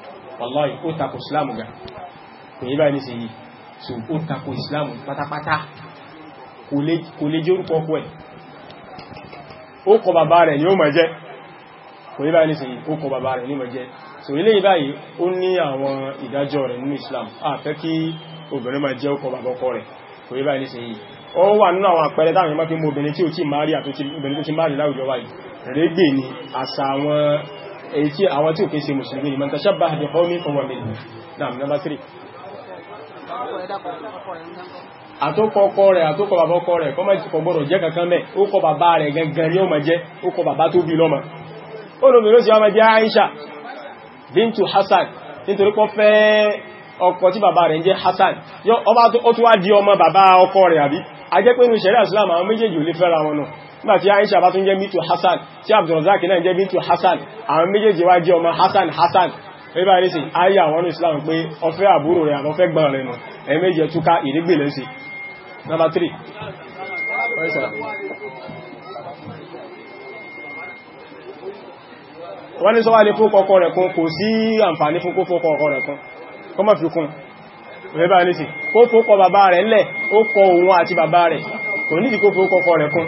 wallahi ó tako islamu ga kò yí báyìí nísìnyí so ó tako islamu pátápátá kò lè jẹ́ orúkọ ọkọ ẹ̀ ó kọ bàbá rẹ̀ ni ó mọ̀ jẹ́ kò yí báyìí nísìnyí ó kọ bàbá rẹ̀ ni mọ̀ jẹ́ so ilé ìbáyìí ó ní àwọn ìdájọ́ rẹ̀ nínú islam a fẹ́ kí obìnrin máa jẹ́ ọkọ bàbá ọkọ rẹ̀ kò yí báyìí nísìnyí ó wà nínú àwọn àpẹẹrẹ táwọn ìmọ́ fi mú obìnrin tí ó ti máa rí àti obìnrin tó ti máa rí èyí tí àwọn tí ò kéèsè mùsùlùmí ni man tashabbaha bi qawmin fahuwa minhum náà number three àtọ́kọ́kọ́ rẹ̀ àtọ́kọ́ bàbá ọkọ rẹ̀ kọ́ mẹ́jì kọgbọ́rọ̀ jẹ́ kankan mẹ́ ó kọ bàbá rẹ̀ gangan ni ma jẹ́ ó kọ bàbá tó bí bintu Hassan Hassan di ọkọ a jẹ́ nígbà tí Aisha bá tún jẹ́ bintu Hassan tí Abdulrazak náà jẹ́ bintu Hassan àwọn méjèèjì wá jẹ́ ọmọ Hassan Hassan ẹgbẹ́ àrísì ayé àwọn Islam pé ọfẹ́ àbúrò rẹ̀ àbọ́fẹ́ gbọ́n rẹ̀ nù ẹ̀mẹ́jẹ̀ túká ìrígbè lẹ́sì number three wọ́n ní sọ́wà lè fún kọ́kọ́ rẹ̀ kún kò sí àǹfàní fún kó fọ́kọ́ ọkọ̀ rẹ̀ kún kọ́ mọ̀ fi kún rẹ̀bá ní sí kó fọ́kọ́ bàbá rẹ̀ lẹ̀ ó kọ òun àti bàbá rẹ̀ kò ní ìdí kó rẹ̀ kún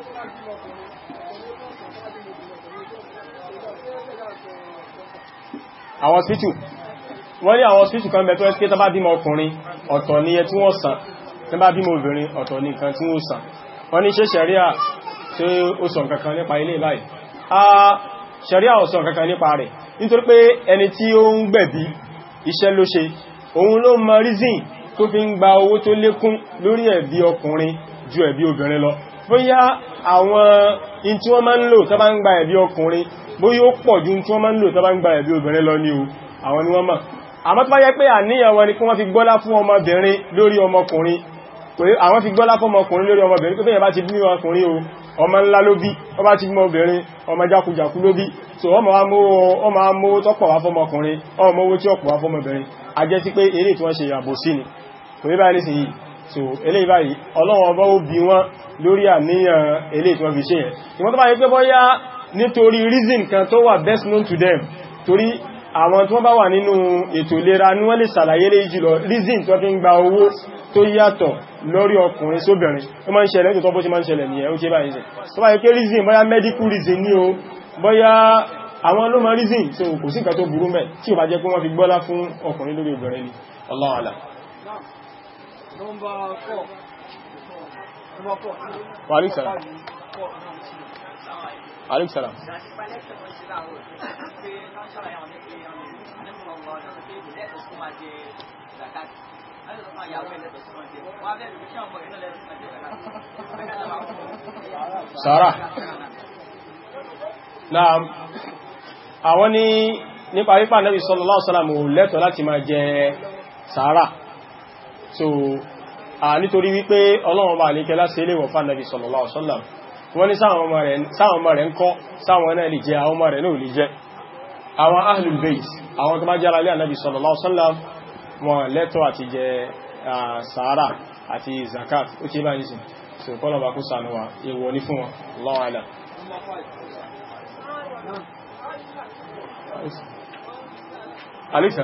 àwọn síṣù wọ́n ní àwọn síṣù kan bẹ̀tọ́ ẹ́sìké tàbá bímọ ọkùnrin ọ̀tọ̀ ní ẹ tí wọ́n sàn tàbá bímọ obìnrin ọ̀tọ̀ ní nǹkan tí wọ́n sàn wọ́n ní ṣe ṣẹ̀ríà tí ó sọ nǹkankan nípa ilé báyìí a ṣẹ̀ríà bóyá àwọn in tí wọ́n máa ń lò tó bá ń gba ẹ̀bí ọkùnrin bóyá ó pọ̀ ju tí wọ́n máa ń lò tó bá ń gba ẹ̀bí obìnrin lọ ní o àwọn ni wọ́n mọ̀ àmọ́ tó bá yẹ pé àníyàn wọn ni kí wọ́n fi gbọ́lá fún ọmọbìnrin lórí ọmọkùnrin àwọn fi gbọ́lá fún ọmọkùnrin lórí ọmọbìnrin pé bá so ọmọ amó tọ́pọ̀ wá fọmọkùnrin ọmọ owó tí ọ̀pọ̀ wá fọmọbìnrin a jẹ́ sí pé eré tí wọ́n ṣe àbòsí ni so eléyìí báyìí Ọlọ́run ọba ó bi wọ́n lórí àníyàn eléyìí tí wọ́n fi ṣe yẹn ìwọ́n tó bá yẹ pé bọ́yá nítorí reason kan tó wà best known to them torí àwọn tí wọ́n bá wà nínú ètò ìlera ní wọ́n lè ṣàlàyé lè jùlọ reason tó fi ń gba owó tó yàtọ̀ lórí ọkùnrin sóbìnrin ó máa ń ṣẹlẹ̀ nítorí bó ṣe máa ń ṣẹlẹ̀ nìyẹn ó ṣe báyìí ṣe tó bá yẹ pé reason bọ́yá medical reason ní o bọ́yá àwọn ló mọ reason so kò sí nǹkan tó burú mẹ́ tí ò bá jẹ́ pé wọ́n fi gbọ́lá fún ọkùnrin lórí obìnrin ni Allah Allah Number four. Number four. Wa alaikum salam. Wa alaikum salam. Sàárà. Naam. Àwọn ní nípa wípà Nabi sallallahu alaihi wasallam lẹ́tọ̀ láti máa jẹ sàárà so a nítorí wípé ọlọ́run bá lè kẹlá sí iléwọ̀ fánàbí sallallahu alaihi wasallam wọ́n ní sáwọn ọmọ rẹ̀ ń kọ́ sáwọn náà lè jẹ́ àwọn ọmọ rẹ̀ náà lè jẹ́ àwọn ahlul bayt àwọn tó má jẹ́ alalẹ́ ànábì sallallahu alaihi wasallam wọn lẹ́tọ́ àti jẹ sàárà àti zakat ó tí bá nìsìn Alisa.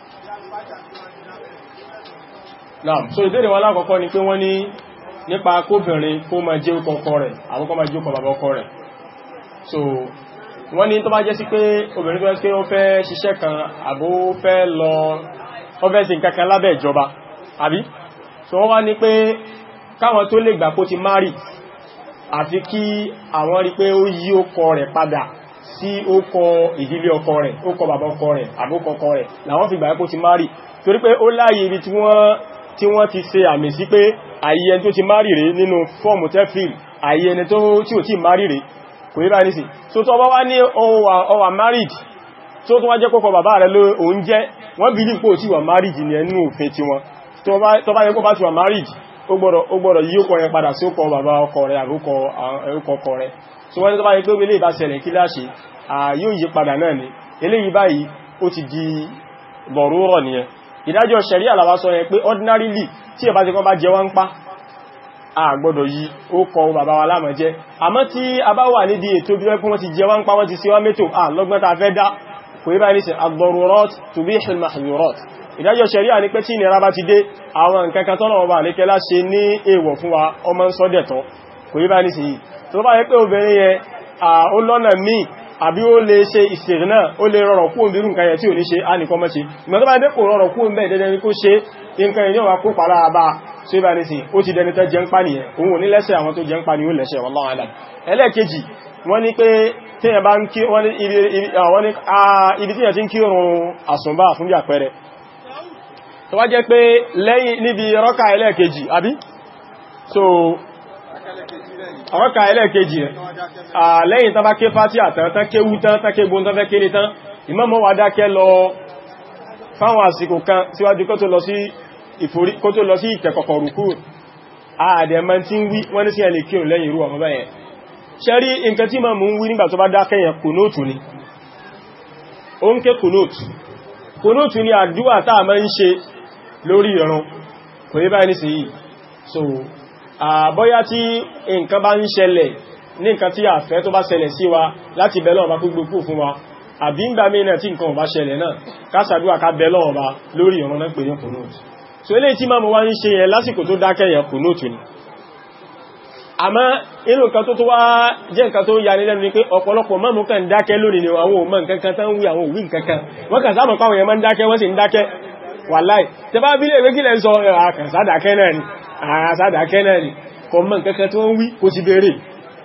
Naam, so ìbéèrè wọn lákọ̀ọ́kọ́ ni pé wọ́n ní nípa kóbìnrin kó máa jẹ́ ọkọ ọkọ rẹ̀, àwọn kó jẹ́ ọkọ bàbá ọkọ rẹ̀. So, wọ́n ní tó bá jẹ́ sí pé obìnrin tó jẹ́ pé ó fẹ́ ṣiṣẹ́ kan àbó fẹ́ lọ So, wọ́n wá ní pé káwọn tó lè gbà kó ti marry àfi sí ó kọ ìdílé ọkọ rẹ̀ ó kọ bàbá ọkọ rẹ̀ àbókọkọ rẹ̀ làwọn fi gbà pé ti márì torí pé ó láàyè ibi tí wọ́n ti ṣe àmì sí pé àyè ẹni tó ti márì rẹ̀ nínú fọ́ọ̀mù tẹ́fìl àyè tó tí ò tí márì rẹ̀ kò rí báyìí sí so tó wá ní ọwà married tó tó wá jẹ́ kókọ bàbá rẹ̀ ló oún jẹ́ wọ́n bí married ní ẹnu òfin ti wọn tó bá yẹ married ó gbọ́dọ̀ yíó kọ yẹn padà so wọ́n tó bá yí pé ilé ìbáṣẹ̀lẹ̀ kí láṣe ààyò ìyípadà náà ni eléyìí báyìí ó ti di bọ̀rúrọ̀ nìyẹn ìdájọ́ ṣẹ̀rí àlàwà sọ yẹn pé ordinarily tí ẹ̀bá ti kọ́ bá jẹ wá ń pa àgbọ́dọ̀ yí ó kọ bàbá wa láàmọ̀ ta fẹ́ dá kò yí báyìí nìsẹ̀ ad-darurat tubihul mahzurat ìdájọ́ ṣẹ̀ríà ní pé tí ìnira bá ti dé àwọn nǹkan kan tọ́nà ọba àlékẹ́lá ṣe ní èèwọ̀ fún wa ọmọ ń sọ́dẹ̀tọ́ kò yí báyìí nìsẹ̀ yìí tó bá yẹ pé obìnrin yẹ ó lọ́nà míì àbí ó lè ṣe ìsìnkú náà ó lè rọrọ̀ kú òmìnirú nǹkan yẹ tí ò ní ṣe á nìkan mọ́ṣe ìgbà tó bá yẹ kò rọrọ̀ kú òmìnirú dẹ́dẹ́ ní kó ṣe nǹkan ìyọ́ wa kó pàlá àbá tó bá ní sí ó ti dẹni jẹ́ pé lẹ́yìn níbi rọ́kà ẹlẹ́ẹ̀kejì àbí so àwọn ka ẹlẹ́ẹ̀kejì rẹ̀ àlẹ́yìn tán bá ké fásí àtàn tán ké wú tán tán ké gbóntán fẹ́ kéré tán ìmáàmù wá dákẹ́ lọ fáwọn àsìkò kan síwájú kó tó lọ sí ìforí kó tó lọ sí ìtẹ̀kọ̀kọ̀ rùkú àdẹ̀mọ́ tí ń wí wọ́n ní sí ẹlẹ́ kírùn lẹ́yìn irú ọmọ báyẹn ṣẹ́rí nǹkan tí máa mú ń wí nígbà tó bá dákẹ́ yẹn kùnóòtù ni ó ń ké kùnóòtù kùnóòtù ni àdúwà táà máa ń ṣe lórí ìrun kò ní báyìí nísìnyí so àbọ́yá tí nǹkan bá ń ṣẹlẹ̀ ní nǹkan tí a fẹ́ tó bá ṣẹlẹ̀ sí wa láti bẹ̀lọ́ ọba gbogbo kú fún wa àbí ń gbà mẹ́rin tí nǹkan bá ṣẹlẹ̀ náà kásàdúwà ká bẹ̀lọ́ ọba lórí ọ̀rọ̀ náà pè ní kùnúùtù so eléyìí tí máa mú wá ń ṣe ni àmọ́ inú nǹkan tó tó wá jẹ́ nǹkan tó yà ní lẹ́nu ni pé ọ̀pọ̀lọpọ̀ mọ́mú kan dákẹ́ lónìí ni àwọn òmọ́ wàláì tẹbá ìwé kílẹ̀ ń sọ àkànsá dákẹ́ náà ni àrásádàkẹ́ náà ni kò mọ̀ nǹkankan tó ń wí kò ti bèèrè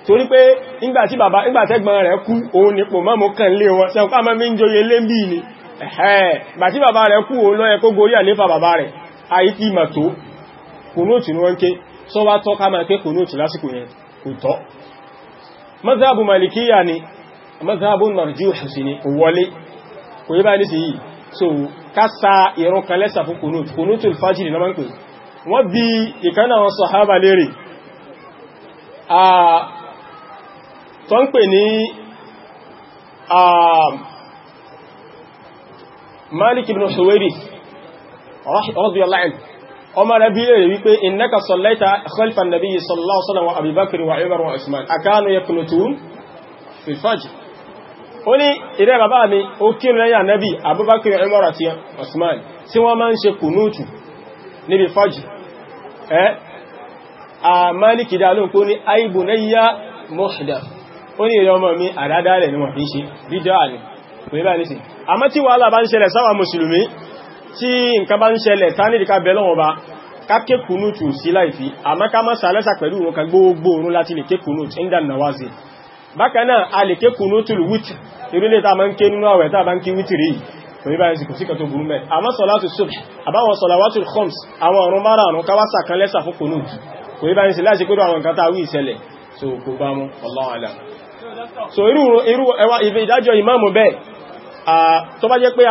torí pé ìgbàtí bàbá ìgbàtẹ́gbọ̀n rẹ̀ kú òun ni pò mọ́mù kàn lé wọn sẹ́kọ́ àmọ́ mi ń joyè lé bí ni ẹ̀hẹ́ bàbá rẹ̀ kú òun lọ́yẹ gorí àléfà bàbá rẹ̀ ayé kò malikiya sí yìí so ká sa ìrun kan lẹ́sà fún kùnúùtù kùnúùtù wọ́n bi ìkan náà wọn sọ̀hábà lérè tó ń pè ní Malik ibn Huwairi radiyallahu anhu ọmọ rẹ̀ bí lèrè wípé innaka sallaita khalfa an-nabiy sallallahu alaihi wasallam wa Abi Bakr wa Umar wa Usman akanu yaqnutun fi al-fajr ó ní ìrẹ́ bàbá mi ó kí lẹ́yà Nabi Abubakar Umar àti Usman tí wọ́n máa ń ṣe kùnútù níbi fajr a Málìkì dá lóhùn ní aibu na yíyá mọ́ṣìdá ó ní èrè ọmọ mi àdádálẹ̀ ni wọ́n fi ṣe bídá ni kò ní bá ní sí àmọ́ tí wàhálà bá ń ṣẹlẹ̀ sáwà mùsùlùmí tí nǹkan bá ń ṣẹlẹ̀ tánìdíká bẹ́lọ́wọ́ bá káké kùnútù sí láìfí àmọ́ ká má sàlẹ́sà pẹ̀lú òun kan gbogbo òun kò ní báyìí kò sí kan tó burú mẹ́ àmọ́ sọ̀látù subh àbáwọn sọ̀làwátù khams àwọn ọ̀run márààrún káwá sàkan lẹ́sà fún kònú kò ní báyìí sí láti pẹ́lú àwọn nǹkan tàwí ìṣẹ̀lẹ̀ so kò bá mú Allahu a'lam so irú irú ẹwà ìfẹ́ ìdájọ́ ìmáàmù bẹ́ẹ̀ tó bá jẹ́ pé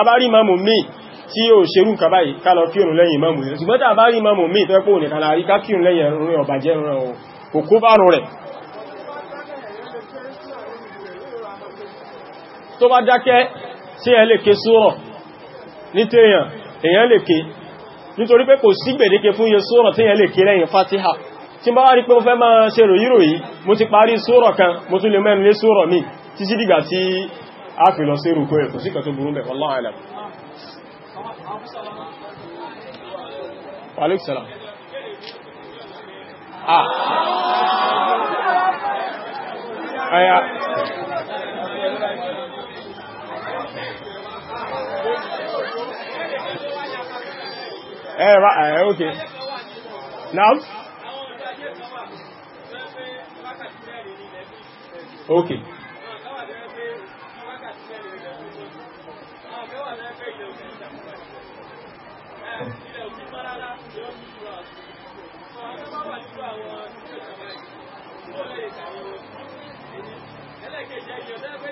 abárí ìmáàmù mi tí ó ṣerú nǹkan báyìí ká lọ kírun lẹ́yìn ìmáàmù rẹ̀ ṣùgbọ́n tí abárí ìmáàmù mi tó pé òníkan láàrí ká kírun lẹ́yìn rẹ̀ ọ̀bàjẹ́ rẹ̀ òkú bárùn rẹ̀ tó bá dákẹ́ sí ẹ lè ké sóòrọ̀ ní lè ké nítorí pé kò sí gbèdéke fún iye sóòrọ̀ tí èèyàn lè ké lẹ́yìn fatiha tí bá wá rí pé mo fẹ́ máa ṣe ròyírò yìí mo ti parí kan mo tún lè mẹ́rin lé mi ti a ẹ̀rọ ẹ̀ òkè náà òkè Ẹlẹ́kẹ̀ẹ́ jẹ́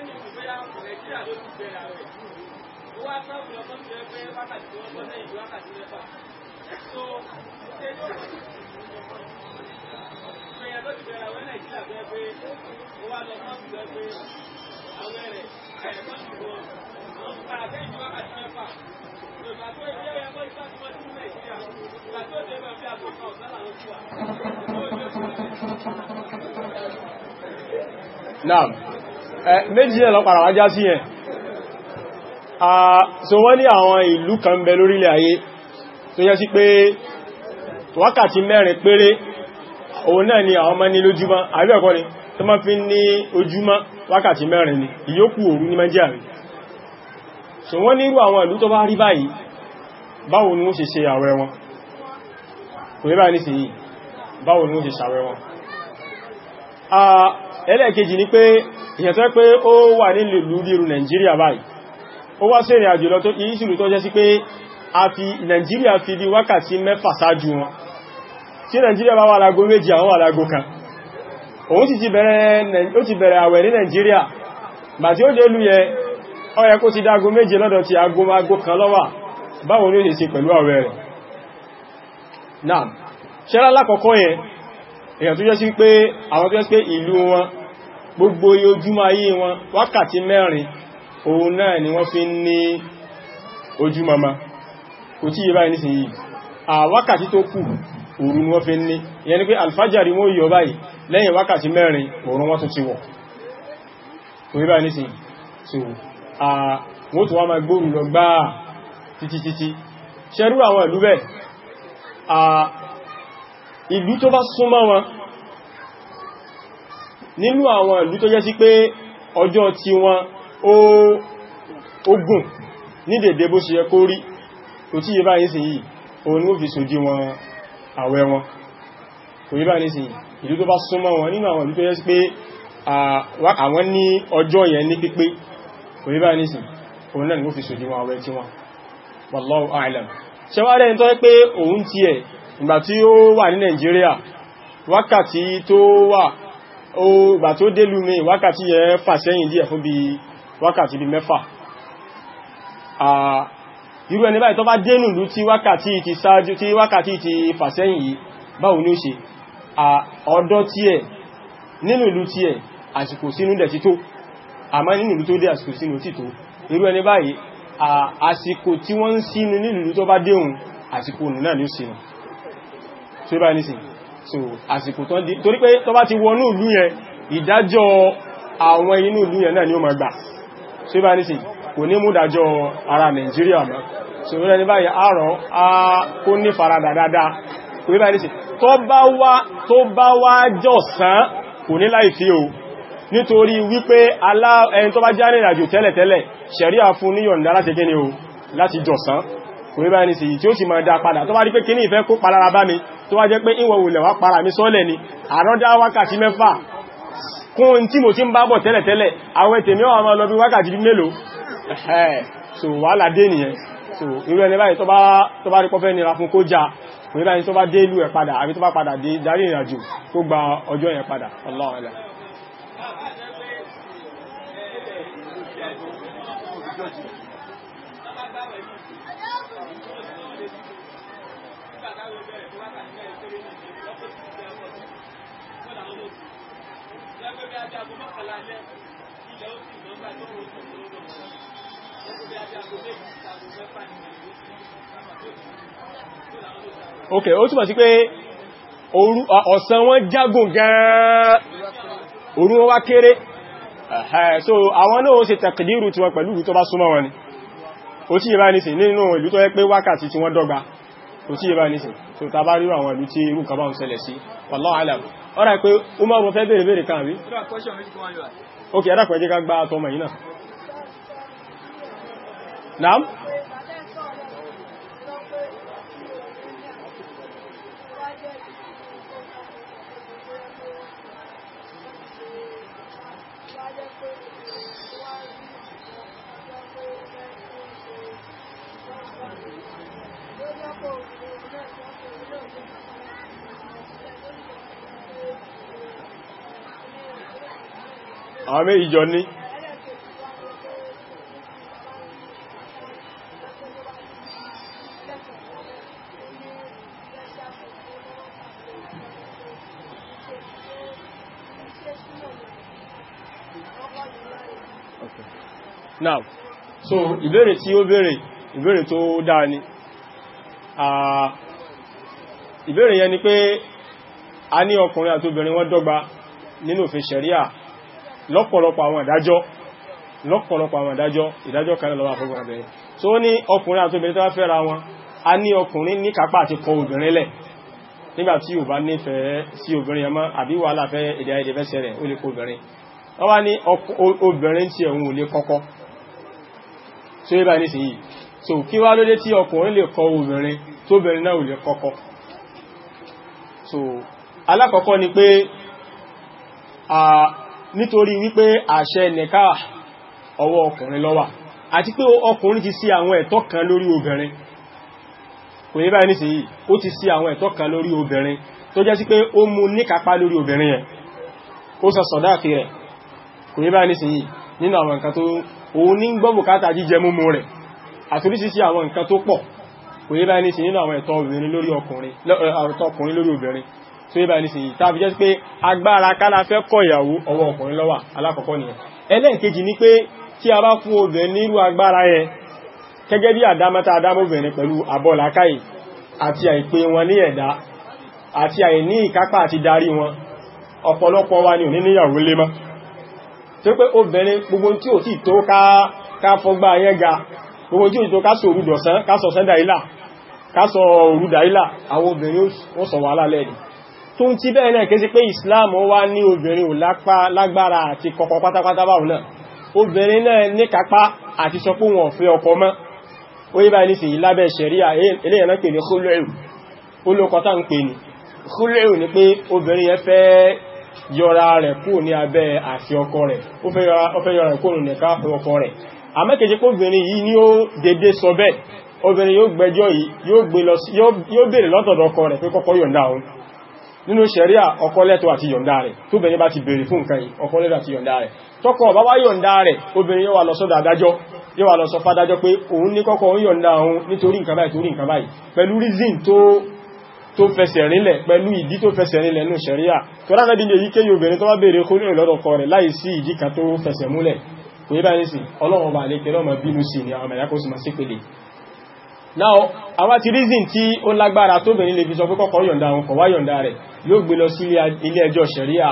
Naam. Eh, méjì náà lọ́pàá rà wájá sí yẹn ah, so wọ́n ní àwọn ìlú kan bẹ lórílẹ̀ ayé tó yẹ sí pé wákàtí mẹ́rin péré òun náà ni àwọn máa ní lójúmọ́ àbí ẹ̀kọ́ ni tó máa fi ní ojúmọ́ wákàtí mẹ́rin ni ìyókù òru ní mẹ́jì ìyẹn tó pé ó wà nílùú lúbírù Nàìjíríà báyìí ó wá sí ìrìn àjò lọ tó ìsìlù tó jẹ́ sí pé a fi Nàìjíríà fi di wákàtí mẹ́fà sáájú wọn tí Nàìjíríà bá wà lágó méjì àwọn wà lágó kan òun sì ti bẹ̀rẹ̀ àwẹ̀ ní Nàìjíríà bà tí ó lú yẹ kó ti dágó lọ́dọ̀ ti agó kan lọ́wà gbogbo ojúmọ́ ayé wọn wákàtí mẹ́rin òun náà ni wọ́n fi ń ní ojúmọ́má kò tí yẹ báyìí nísìnyí à wákàtí tó kù òru ni wọ́n fi ń ní ìyẹn ni pé alfajari wọ́n yọ báyìí lẹ́yìn wákàtí mẹ́rin òrùn wọ́n tún ti wọ̀ kò yẹ báyìí nísìnyí so à wọ́n tún wá máa gbóòrù lọ ìlú tó bá súnmọ́ wọn nínú àwọn ìlú tó jẹ́ sí pé ọjọ́ tí wọn ó gùn ní dédé bó ṣe yẹ kó rí tó tí yẹ báyìí sí yìí òun ó fi sójú wọn àwẹ̀ wọn kò yẹ báyìí sí ìlú tó bá súnmọ́ wọn nínú àwọn ìlú tó jẹ́ sí pé àwọn ní ọjọ́ yẹn ní pípé kò yẹ báyìí sí òun náà ni ó fi sójú wọn àwẹ̀ tí wọn wallahu a'lam ṣẹwàrẹ́ ẹni tó pé òun tiẹ̀ ìgbà tí ó wà ní Nàìjíríà wákàtí tó wà ó gbà tó délú mi wákàtí yẹ fà sẹ́yìn díẹ̀ fún bí wákàtí bí mẹ́fà irú ẹni báyìí tó bá dénùlú tí wákàtí ti ṣáájú tí wákàtí ti fà sẹ́yìn yìí báwo ni ó ṣe ọ̀dọ̀ tí ẹ̀ nínú ìlú tí ẹ̀ àsìkò sínú dẹ̀ tító àmọ́ nínú ìlú tó dé àsìkò sínú tító irú ẹni báyìí àsìkò tí wọ́n ń sínú nínú ìlú tó bá déhùn àsìkò nù náà ni ó sínú so àsìkò tán di torí pé tó bá ti wọnú ìlú yẹn ìdájọ́ àwọn inú ìlú yẹn náà ni ó máa gbà ṣe bá ní sí kò ní múdájọ́ ara Nàìjíríà mọ́ so rẹ̀ ní báyìí àárọ̀ a kó ní farada dáadáa kò ní báyìí sí tó bá wá jọ̀sán kò ní láìfí o nítorí wípé ẹni tó bá já rìnrìn àjò tẹ́lẹ̀tẹ́lẹ̀ ṣẹ̀ríà fún o láti jọ̀sán kò ní báyìí sí tí ó sì máa dá padà tó bá rí pé tó wá jẹ́ pé ìwọ̀ òlẹ̀ wá para mi sọ́lẹ̀ ni àrọ́dá wákàtí mẹ́fà kún tí mo ti ń bá bọ̀ tẹ́lẹ̀tẹ́lẹ̀ àwọn ètèmí ọmọ lọ bí wákàtí mélòó so wà ládé nìyẹn so irú ẹni báyìí tó bá rí pọ́fẹ́ nira fún kó já irú ẹni tó bá dé Allah ok ó túnmọ̀ sí pé ọ̀sán wọn jágùn gan-an òru wọn wá kéré so àwọn náà ṣe tẹ̀kìdírù tí wọn pẹ̀lú ìlú tó bá súnmọ́ wọn ni ó tí ìbá nìsìn nínú ìlú tó yẹ pé wákàtí tí wọ́n dọ́gba ó tí ìbá nìsìn tó ta bá ríro àwọn ìlú tí irú kan bá ń ṣẹlẹ̀ sí wallahu àwọn méjì ní now so ìbéèrè tí ó béèrè ìbéèrè tó dáa ni ìbéèrè yẹn ni pé a ní ọkùnrin àti obìnrin wọ́n dọ́gba nínú òfin ṣẹ̀ríà lọ́pọ̀lọpọ̀ àwọn ìdájọ́ lọ́pọ̀lọpọ̀ àwọn ìdájọ́ ìdájọ́ kan lọ́wọ́ àfọ́gbọ́n àbẹ̀rẹ̀ tó ní ọkùnrin àti obìnrin tó bá fẹ́ra wọn a ní ọkùnrin ní kápá àti kọ obìnrin lẹ̀ nígbà tí ò bá nífẹ̀ẹ́ sí obìnrin ẹmọ́ àbí wà láfẹ́ èdè àìdè fẹ́ sẹ́rẹ̀ ó lè kọ obìnrin wọ́n wá ní obìnrin tí ẹ̀hún ò lè kọ́kọ́ tó yẹ báyìí nísìnyí so kí wá lóde tí ọkùnrin alákọ̀ọ́kọ́ ni pé nítorí wípé àṣẹ nìká ọwọ́ ọkùnrin ló wà àti pé ọkùnrin ti sí àwọn ẹ̀tọ́ kan lórí obìnrin kò yẹ báyìí nísìnyí ó ti sí àwọn ẹ̀tọ́ kan lórí obìnrin tó jẹ́ sí pé ó mú níkapá lórí obìnrin yẹn ó sọ sọ̀dáàfì rẹ̀ kò yẹ báyìí nísìnyí nínú àwọn nǹkan tó òun ní gbọ́bùkátà jíjẹ múmú rẹ̀ àtúrísìsí àwọn so yíba ní sí tàbí jẹ́ pé agbára kálá fẹ́ kọ ìyàwó ọwọ́ ọkùnrin ló wà alákọ̀ọ́kọ́ nìyẹn ẹlẹ́ẹ̀kejì ní pé tí a bá fún obìnrin nírú agbára yẹn gẹ́gẹ́ bí àdámátà àdámóbìnrin pẹ̀lú àbọ̀làkáì àti àìpé wọn ní ẹ̀dá àti àìní ìkápá àti darí wọn ọ̀pọ̀lọpọ̀ wa ni ò ní níyàwó lé mọ́ tó pé obìnrin gbogbo tí ò tí tó ká fọgbá ayẹ́ ga gbogbo tí ò tó ká ilá àwọn obìnrin ó sọ wà lálẹ́ ẹ̀dì tó ń tí bẹ́ẹ̀ náà kéèsí pé Islam wá ní obìnrin ò lápá lágbára àti kọ̀kọ̀ pátápátá báwọn náà obìnrin náà ní kápá àti sọ pé wọn ò fẹ́ ọkọ mọ́ ó yí báyìí nísìnyí lábẹ́ ṣẹ̀ríà eléyàn ni pé obìnrin yẹn fẹ́ yọra rẹ̀ kú ní abẹ́ àṣẹ ọkọ rẹ̀ ó fẹ́ yọra rẹ̀ kú ní ká ọkọ rẹ̀ àmẹ́kẹ̀ẹ́jẹ́ pé obìnrin yìí ni ó dédé sọ bẹ́ẹ̀ obìnrin yóò gbẹ́jọ́ yìí yóò bèèrè lọ́tọ̀dọ̀ ọkọ rẹ̀ pé kọ́kọ́ yọ̀ǹda òun nínú ṣẹ̀ríà ọkọ lẹ́tọ̀ọ́ àti yọ̀ǹda rẹ̀ tó bẹ̀rẹ̀ bá ti bèèrè fún nǹkan yìí ọkọ lẹ́tọ̀ọ́ àti yọ̀ǹda rẹ̀ tọ́kọ bá wá yọ̀ǹda rẹ̀ obìnrin yóò wá lọ sọ́dọ̀ adájọ́ yóò wá lọ sọ fádájọ́ pé òun ní kọ́kọ́ òun yọ̀ǹda òun nítorí nǹkan báyìí torí nǹkan báyìí pẹ̀lú reason tó tó fẹsẹ̀ rinlẹ̀ pẹ̀lú ìdí tó fẹsẹ̀ rinlẹ̀ nínú ṣẹ̀ríà tó rárá now àwọn ti reason tí ó lágbára tóbìnrin lè fi sọ pé kọ́kọ́ yọ̀ǹda òun kọ̀wá yọ̀ǹda rẹ̀ yóò gbé lọ sí ilé ẹjọ́ ṣẹ̀ríà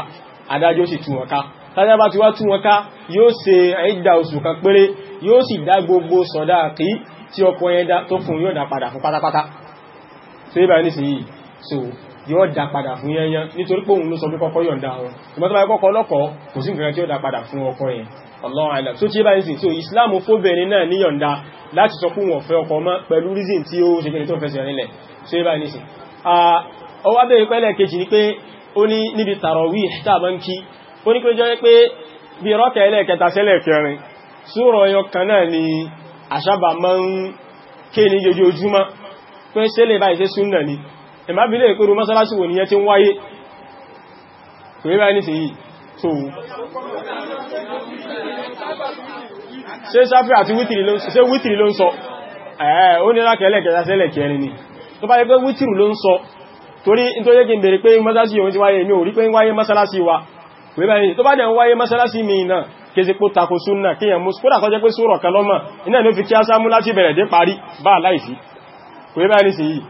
adájọ́ sì tú wọn ká tàbí bá ti wá tú wọn ká yóò ṣe ẹ̀dà oṣù kan péré yóò sì dá gbogbo sọ̀dá kí tí ọkọ yẹn tó fún yọ̀ǹda padà fún pátápátá yóò dá padà fún yẹnyẹn nítorí pé òun ló sọ bí kọ́kọ́ yọ̀ǹda wọn ṣùgbọ́n tó bá kọ́kọ́ lọ́kọ̀ọ́ kò sí nǹkan tí ó dá padà fún ọkọ yẹn Allahu tó tí bá ń sìn so Islam fóbìnrin náà níyọ̀ǹda láti sọ fún wọn fẹ́ ọkọ mọ́ pẹ̀lú reason tí ó so yẹ bá ní sìn ó wá bẹ̀rẹ̀ ni pé ó ní níbi tàrọ̀wí tàbá ń kí ó ní kí ó jẹ́ pé bí rọ́kẹ̀ ẹlẹ́ẹ̀kẹta sẹ́lẹ̀ kẹrin súrọ̀ ọyọ kan náà ni àṣàbà máa ń ìmá bí lè pẹ̀rù mọ́sálásí wò níyẹ tí ń wáyé kò rí báyìí sí yìí tó ṣe sáfí àti wítìrì ló ń sọ ẹ̀ẹ́ ó ní lákẹ̀ẹ́lẹ̀ kẹta sẹ́lẹ̀ kẹrin ni tó bá yẹ pé wítìrì ló ń sọ torí wa kò rí báyìí tó bá dẹ̀ ń wáyé mọ́sálásí mi náà kése pó tako súnnà kí yẹn mú kódà kọjẹ́ pé sórọ̀ kan lọ́mọ̀ iná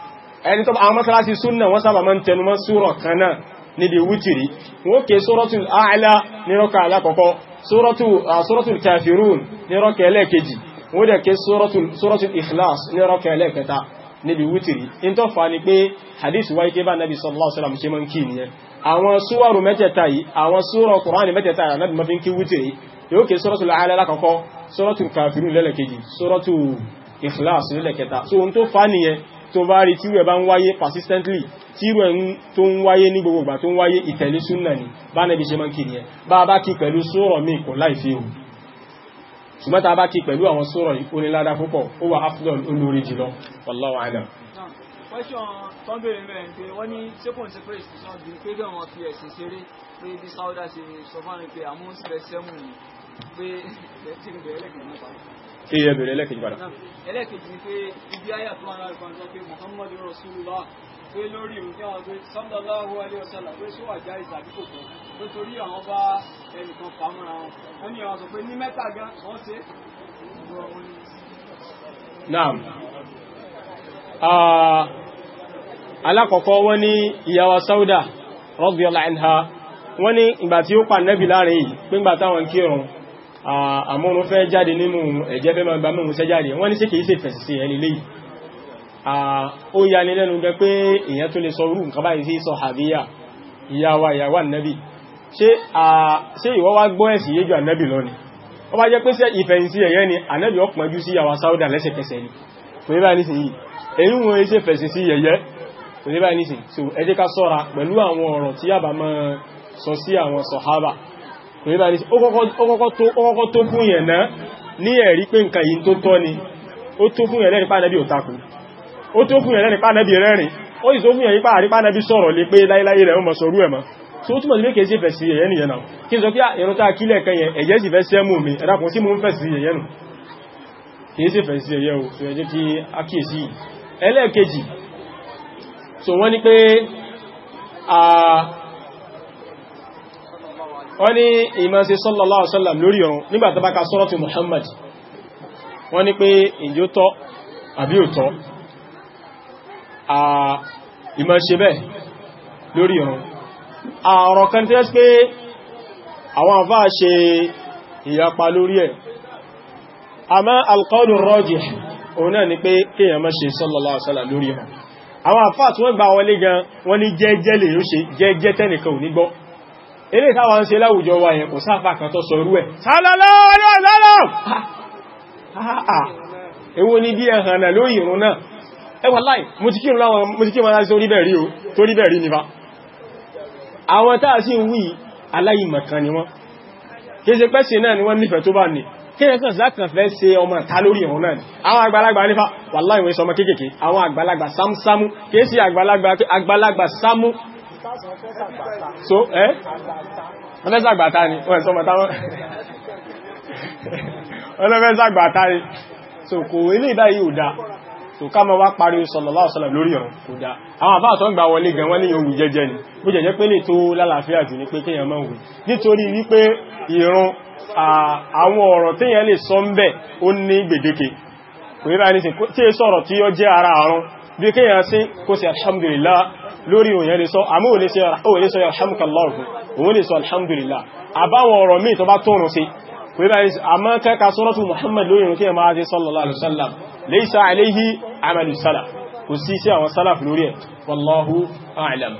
ẹni tó àwọn mọ́sálásí súnnà wọ́n sábà máa ń tẹnumọ́ súrọ̀ kan náà níbi wítìrí wọ́n ké suratul A'la ní rọ́kà alákọ̀ọ́kọ́ suratul Kafirun ní rọ́kà ẹlẹ́ẹ̀kejì wọ́n dẹ̀ ké suratul Ikhlas ní rọ́kà ẹlẹ́ẹ̀kẹta níbi wítìrí in tó fa ni pé hadith wáyé ké bá nabi sallallahu alaihi wasallam ṣe máa ń kí nìyẹn àwọn súwárù mẹ́tẹ̀ẹ̀ta yìí àwọn súrọ̀ Kùránì mẹ́tẹ̀ẹ̀ta yìí nabi tó bá rí tíwẹ̀ bá ń wáyé persistently tíwẹ̀ tó ń wáyé ní gbogbo ìgbà tó ń wáyé ìtẹ̀lé súnnà ni bá nẹ́bí ṣe máa ń kì ní ẹ bá bá kí pẹ̀lú sóòrọ̀ mi kò láìfí o ṣùgbọ́n ta kí pẹ̀lú àwọn sóòrọ̀ onílada púpọ̀ ó wà afdol olórí jùlọ wallahu a'lam Question èyẹ bẹ̀rẹ̀ ẹlẹ́kẹ̀ẹ́ padà. ẹlẹ́kẹ̀ẹ́ ni pé ibi ayà tó ara ìfà sọ pé muhammadu rasulullah pé lórí ìrùkẹ́ wọn pé sallallahu alaihi wasallam pé ṣó àjá ìsàdúkò kan pé torí àwọn bá ẹnìkan pàmọ́ra wọn wọ́n ní àwọn sọ pé ní mẹ́ta gan wọ́n ṣe. naam ah, alákọ̀ọ́kọ́ wọ́n ní ìyàwó sauda radiyallahu anha wọ́n ní ìgbà tí ó pa nẹ́bì láàrin yìí pé ńgbà táwọn kírun àmọ́ mo fẹ́ jáde nínú ẹ̀jẹ́ fẹ́ ma gba mọ́ ṣẹ́ jáde wọ́n ní ṣe kìí ṣe fẹ̀sì ẹni léyìí ó ya ni lẹ́nu gẹ pé èyàn tó lè sọ rú nǹkan báyìí sí sọ àbíyà ìyàwó ìyàwó ànẹ́bì ṣe ìwọ wá gbọ́ ẹ̀sì yéjù ànẹ́bì lọ ni ó bá jẹ́ pé sẹ́ ìfẹ̀yìntì ẹ̀yẹ́ ni ànẹ́bì ó pọ̀njú sí yàwó sáúdà lẹ́sẹ̀kẹsẹ̀ so ẹ jẹ́ ká sọ́ra pẹ̀lú àwọn ọ̀rọ̀ tí yàbá ìbá ní ọkọ́kọ́ tó fún yẹn náà ní ẹ̀rí pé nǹkan yìí tó tọ́ ni ó tó fún yẹn lẹ́rìn pá nẹ́bí òtakù ó tó fún yẹn lẹ́rìn pá nẹ́bí rẹ́rìn ó sì tó fún yẹn pá àrípá nẹ́bí sọ̀rọ̀ lé pé láíláí rẹ̀ ọmọ sọ̀rú ẹ̀mọ́ tó túnmọ̀ sí kéèkéé sí fẹ̀ sí ẹ̀yẹ́ nìyẹn náà kí n sọ pé ẹ̀rọ ah, tá kílẹ̀ kan yẹn ẹ̀jẹ́ sì fẹ́ a wọ́n ní ìmọ̀sí sallallahu alaihi wasallam lórí ọ̀run nígbàtí bá ka sọ́rọ̀tì Muhammad wọ́n ní pé ìjó tọ́ àbí òtọ́ ìmọ̀ṣe bẹ́ẹ̀ lórí ọ̀run ààrọ̀ kan tí ó pé àwọn àfá ṣe ìyapa lórí ẹ̀ àmọ́ al-qawlu rajih òun náà ni pé kéèyàn má ṣe sallallahu alaihi wasallam lórí ọ̀run àwọn àfá tí wọlé gan wọ́n ní jẹ́jẹ́ lè yóò ṣe jẹ́jẹ́ tẹ́nìkan ò ní gbọ́ eré ìsáwà ń ṣe láwùjọ wa yẹn kò sáfà kan tó sọ irú ẹ̀ sallallahu alaihi wasallam èwo ni bí ẹ̀hàn náà lórí ìrún náà ẹwà láì mo ti kírun láwọn mo ti kírun láti torí bẹ̀rí o torí bẹ̀rí nípa àwọn táà sí ń wí aláìmọ̀kan ni wọ́n kí ṣe pẹ́sẹ̀ náà ni wọ́n nífẹ̀ẹ́ tó bá ní kí ẹ kàn sákàn fẹ́ ṣe ọmọ ta lórí ìrún náà ni àwọn àgbàlagbà nípa wàláì wọ́n sọmọ kéékèèké àwọn àgbàlagbà sámúsámú kí ṣe àgbàlagbà so ẹ́ eh? wọ́n fẹ́ sàgbàtà ni wọ́n ẹ̀sọ́ mọ̀tá wọ́n fẹ́ sàgbàtà ni so kò ilé ìbáyìí ò dá so ká ma wá pariwo sallallahu alaihi wasallam lórí ọ̀rọ̀ kò dá àwọn àbá àtọ́ gbà wọlé gan wọ́n ní ohun jẹjẹ ni bó jẹjẹ pé lè tó lálàáfíà jù ní pé kéèyàn máa wù nítorí wípé ìrun àwọn ọ̀rọ̀ téèyàn lè sọ ń bẹ̀ ó ní gbèdéke kò ní báyìí nísìn tí é sọ̀rọ̀ tí ó jẹ́ ara àrùn sí kó sí alhamdulillah lórí òyìn lè sọ àmú òlè sọ yarhamukallahu òun lè sọ alhamdulillah àbáwọn ọ̀rọ̀ míì tó bá tóòrùn sí pé bá ìsì àmá kẹ́kà sọ́rọ̀tù Muhammad lórí òun kí ẹ máa ṣe sallallahu alaihi wasallam laysa alayhi amalu salaf kò sí sí àwọn salaf lórí ẹ̀ wallahu a'lam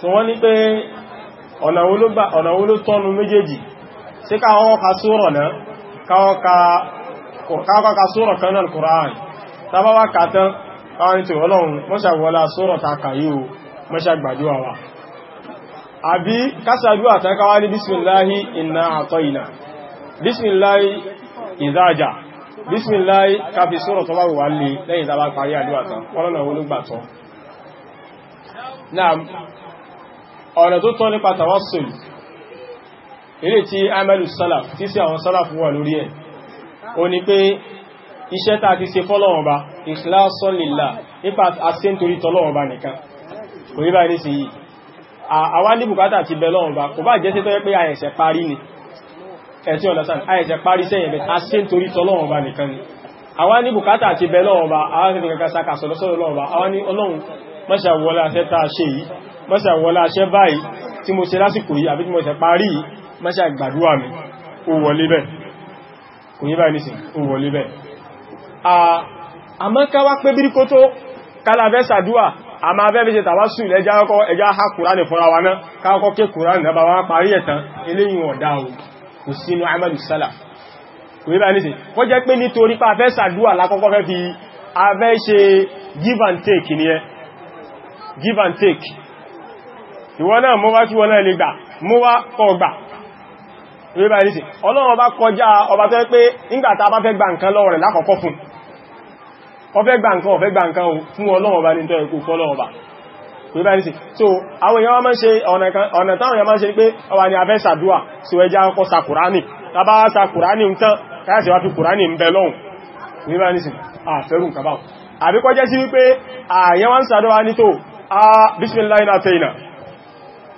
so wọ́n ní pé ọ̀nà wo ló tọ́nu méjèèjì sí káwọn ka sórọ̀ náà káwọn ka káwàkà sórọ̀ kan náà kùránì tàbáwà kàtán káwọn tó ọlọ́run mọ́ṣàwọ́lá sórọ̀ takàyí o mọ́ṣàgbàdúwà wa àbí kásàdúwà takáwà ní bismillahi inna àtọ́ìnà bismillahi ìzájà bismillahi káfí sórọ̀ tó wà lè lẹ́yìn tàbá parí àdúwà tán ọlọ́nà olúgbàtọ́ náà ọ̀nà tó tọ́ nípa tawassul ilé tí amalu salaf tí sí àwọn salaf wà lórí ẹ̀ ó ní pé iṣẹ́ tá a ti ṣe fọ́lọ́wọ́n ba ikhlasan lillah nípa àṣẹ nítorí tọ́lọ́wọ́n ba nìkan kò rí báyìí sí yìí àwa ní bùkátà ti bẹ lọ́wọ́n ba kò bá jẹ́ sí tó yẹ pé àyẹ̀ṣẹ̀ parí ni ẹ̀tí ọ̀dásán àyẹ̀ṣẹ̀ parí sẹ́yìn bẹ̀ àṣẹ nítorí tọ́lọ́wọ́n ba nìkan ni àwa ní bùkátà ti bẹ lọ́wọ́n ba àwa ní kankan sáka sọ̀lọ́sọ̀rọ̀ lọ́wọ́n ba àwa ní ọlọ́run mọ́ṣà wọlé aṣẹ́ ṣe yìí mọ́ṣà wọlé aṣẹ́ báyìí tí mo ṣe lásìkò yìí àbí tí mo ṣe parí yìí mọ́ṣà gbàdúrà mi ó wọlé bẹ́ẹ̀ kò yí báyìí nísìn ó wọlé bẹ́ àmọ́káwá pé bíríkó tó kálàfẹ́ sàdúwà a máa fẹ́ fi ṣe tàwásù ẹjá ọkọ̀ ẹjá ha kùránì fúnra wa náà káàkọ́ kí kùránì náà bá wá parí ẹ̀tàn eléyìn ọ̀dá pa fẹ́ sàdúwà lákọ́kọ́ fẹ́ give and take ni give and take ìwọ náà mú wá kí wọ́n náà ìwé bá ìrísì ọlọ́run ọba kọjá ọba tó yẹ pé nígbàtà bá fẹ́ gba nǹkan lọ́wọ́ rẹ̀ lákọ̀ọ́kọ́ fún ọfẹ́ gba nǹkan ọfẹ́ gba nǹkan fún ọlọ́run ọba ní tọ́ẹ̀kú fọ́lọ́run ọba ìwé bá ìrísì so àwọn èèyàn máa ń ṣe ọ̀nà táwọn èèyàn máa ń ṣe pé ọba ni afẹ́ sàdúà sí ẹja ọkọ̀ sàkùránì tàbá sàkùránì ń tán káyàsì wá fi kùránì ń bẹ lọ́hùn ìwé bá ìrísì àfẹ́rù nǹkan báwọn àbíkọ́ jẹ́ sí wípé àyẹ́wọ́n sàdúà ní tó a bismillah ina tẹ́yìnà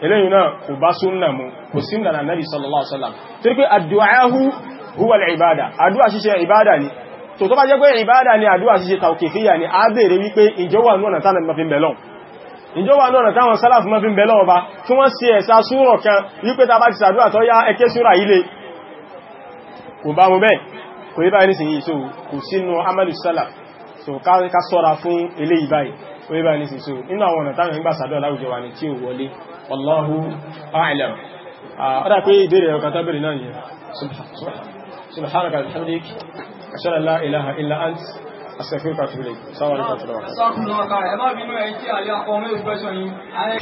eléyìn náà kò bá súnnà mú kò sí ìlànà nàbí sallallahu alaihi wasallam tí pé àdúwáhú huwa al-ibada ni to ni ni a bèèrè wípé ìjọwà náà tánà mafin belon ìjọba náà táwọn sálàfù mọ́ ń bẹ̀lọ́ ọba kí wọ́n sí ẹ̀sà kan wípé ti sàdúrà tó yá ẹkẹ́ wallahu a'lam ọ̀dá ah, pé ìbéèrè ọkà tábìrì náà ni subhanaka alhamdik ashara la ilaha illa ant astaghfiruka wa atubu ilayk